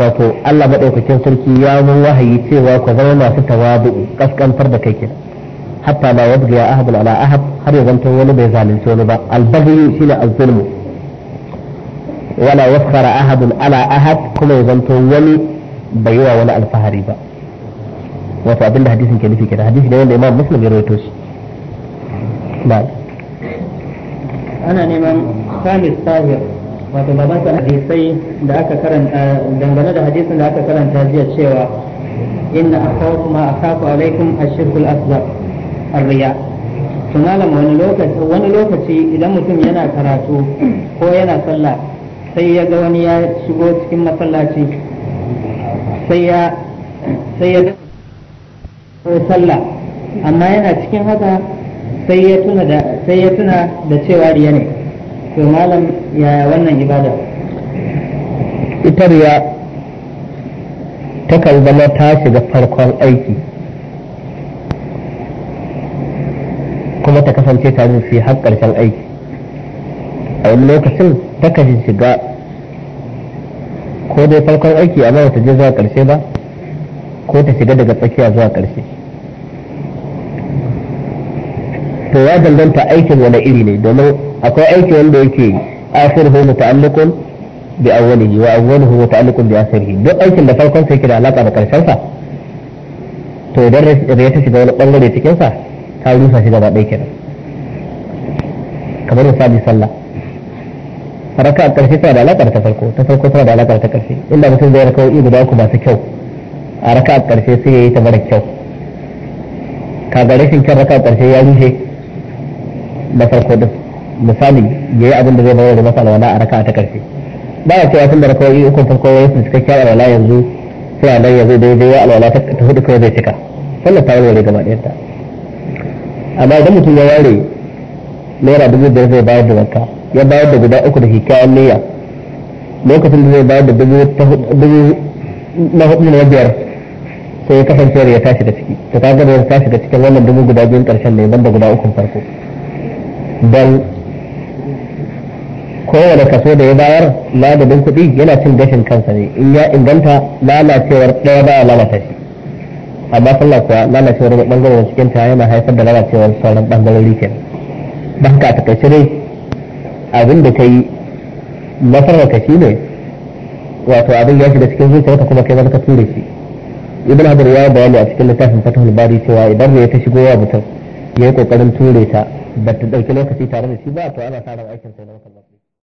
wato Allah maɗaukakin sarki ya mun wahayi cewa ku zama masu tawabu kaskantar da kai kenan hatta ba wasu ya ahab ala ahab har ya zanto wani bai zalunci wani ba albaghi shine azzulmu wala wasfara ahad ala ahab kuma ya zanto wani bai yi wa wani alfahari ba wato abinda hadisin ke nufi kenan hadisi ne wanda imam muslim ya rawaito shi na'am ana neman khamis tawir wato baban sa hadisai da aka karanta dangane da hadisin da aka karanta jiya cewa inna akhafu ma akhafu alaikum ashirkul asghar arriya to malam wani lokaci wani lokaci idan mutum yana karatu ko yana sallah sai ya ga wani ya shigo cikin masallaci sai ya sai ya sallah amma yana cikin haka sai ya tuna da sai ya tuna da cewa riya ne to malam yaya wannan ibada ita riya takan zama ta shiga farkon aiki kuma ta kasance ta rufe har ƙarshen aiki a wani lokacin takan shiga ko dai farkon aiki amma ta je zuwa ƙarshe ba ko ta shiga daga tsakiya zuwa ƙarshe to ya danganta aikin wani iri ne domin akwai aiki wanda yake akhiruhu muta'alliqun bi awwalihi wa awwaluhu muta'alliqun bi akhirihi duk aikin da farkon sa yake da alaka da karshen sa to idan ya ta shiga wani bangare cikin sa ta rusa shi gaba ɗaya kenan kamar misali sallah raka a karshe tana da alaka ta farko ta farko tana da alaka ta karshe inda mutum zai raka wa'i guda uku masu kyau a raka a karshe sai ya yi ta mara kyau ga rashin kyan raka a karshe ya rushe na farko din misali ya yi abin da zai bayar da masa alwala a raka ta karshe ba a cewa tun da rakawoyi ukun farko ya yi cikakkiyar alwala yanzu sai a ya zo daidai ya alwala ta hudu kawai zai cika sallar ta warware gaba ɗayan ta amma idan mutum ya ware naira dubu biyar zai bayar da zakka ya bayar da guda uku da kyakkyawan niyya lokacin da zai bayar da dubu na hudu na biyar sai ya kasance ya tashi da ciki ta kaga da ya tashi da cikin wannan dubu guda biyun karshen ne banda guda ukun farko don kowane kaso da ya bayar ladabin kuɗi yana cin gashin kansa ne in ya inganta lalacewar ɗaya baya lalata shi amma sun kuwa lalacewar da ɓangarorin cikin ta yana haifar da lalacewar sauran ɓangarori ke don ka ta takaice dai abin da ka yi masarar ka shi ne wato abin ya shiga cikin ta kuma kai zama ka ture shi ibn hajar ya bayani a cikin littafin fatahul bari cewa idan ne ta shigo wa mutum ya yi kokarin ture ta ba ta ɗauki lokaci tare da shi ba to ana sa ran aikin sai na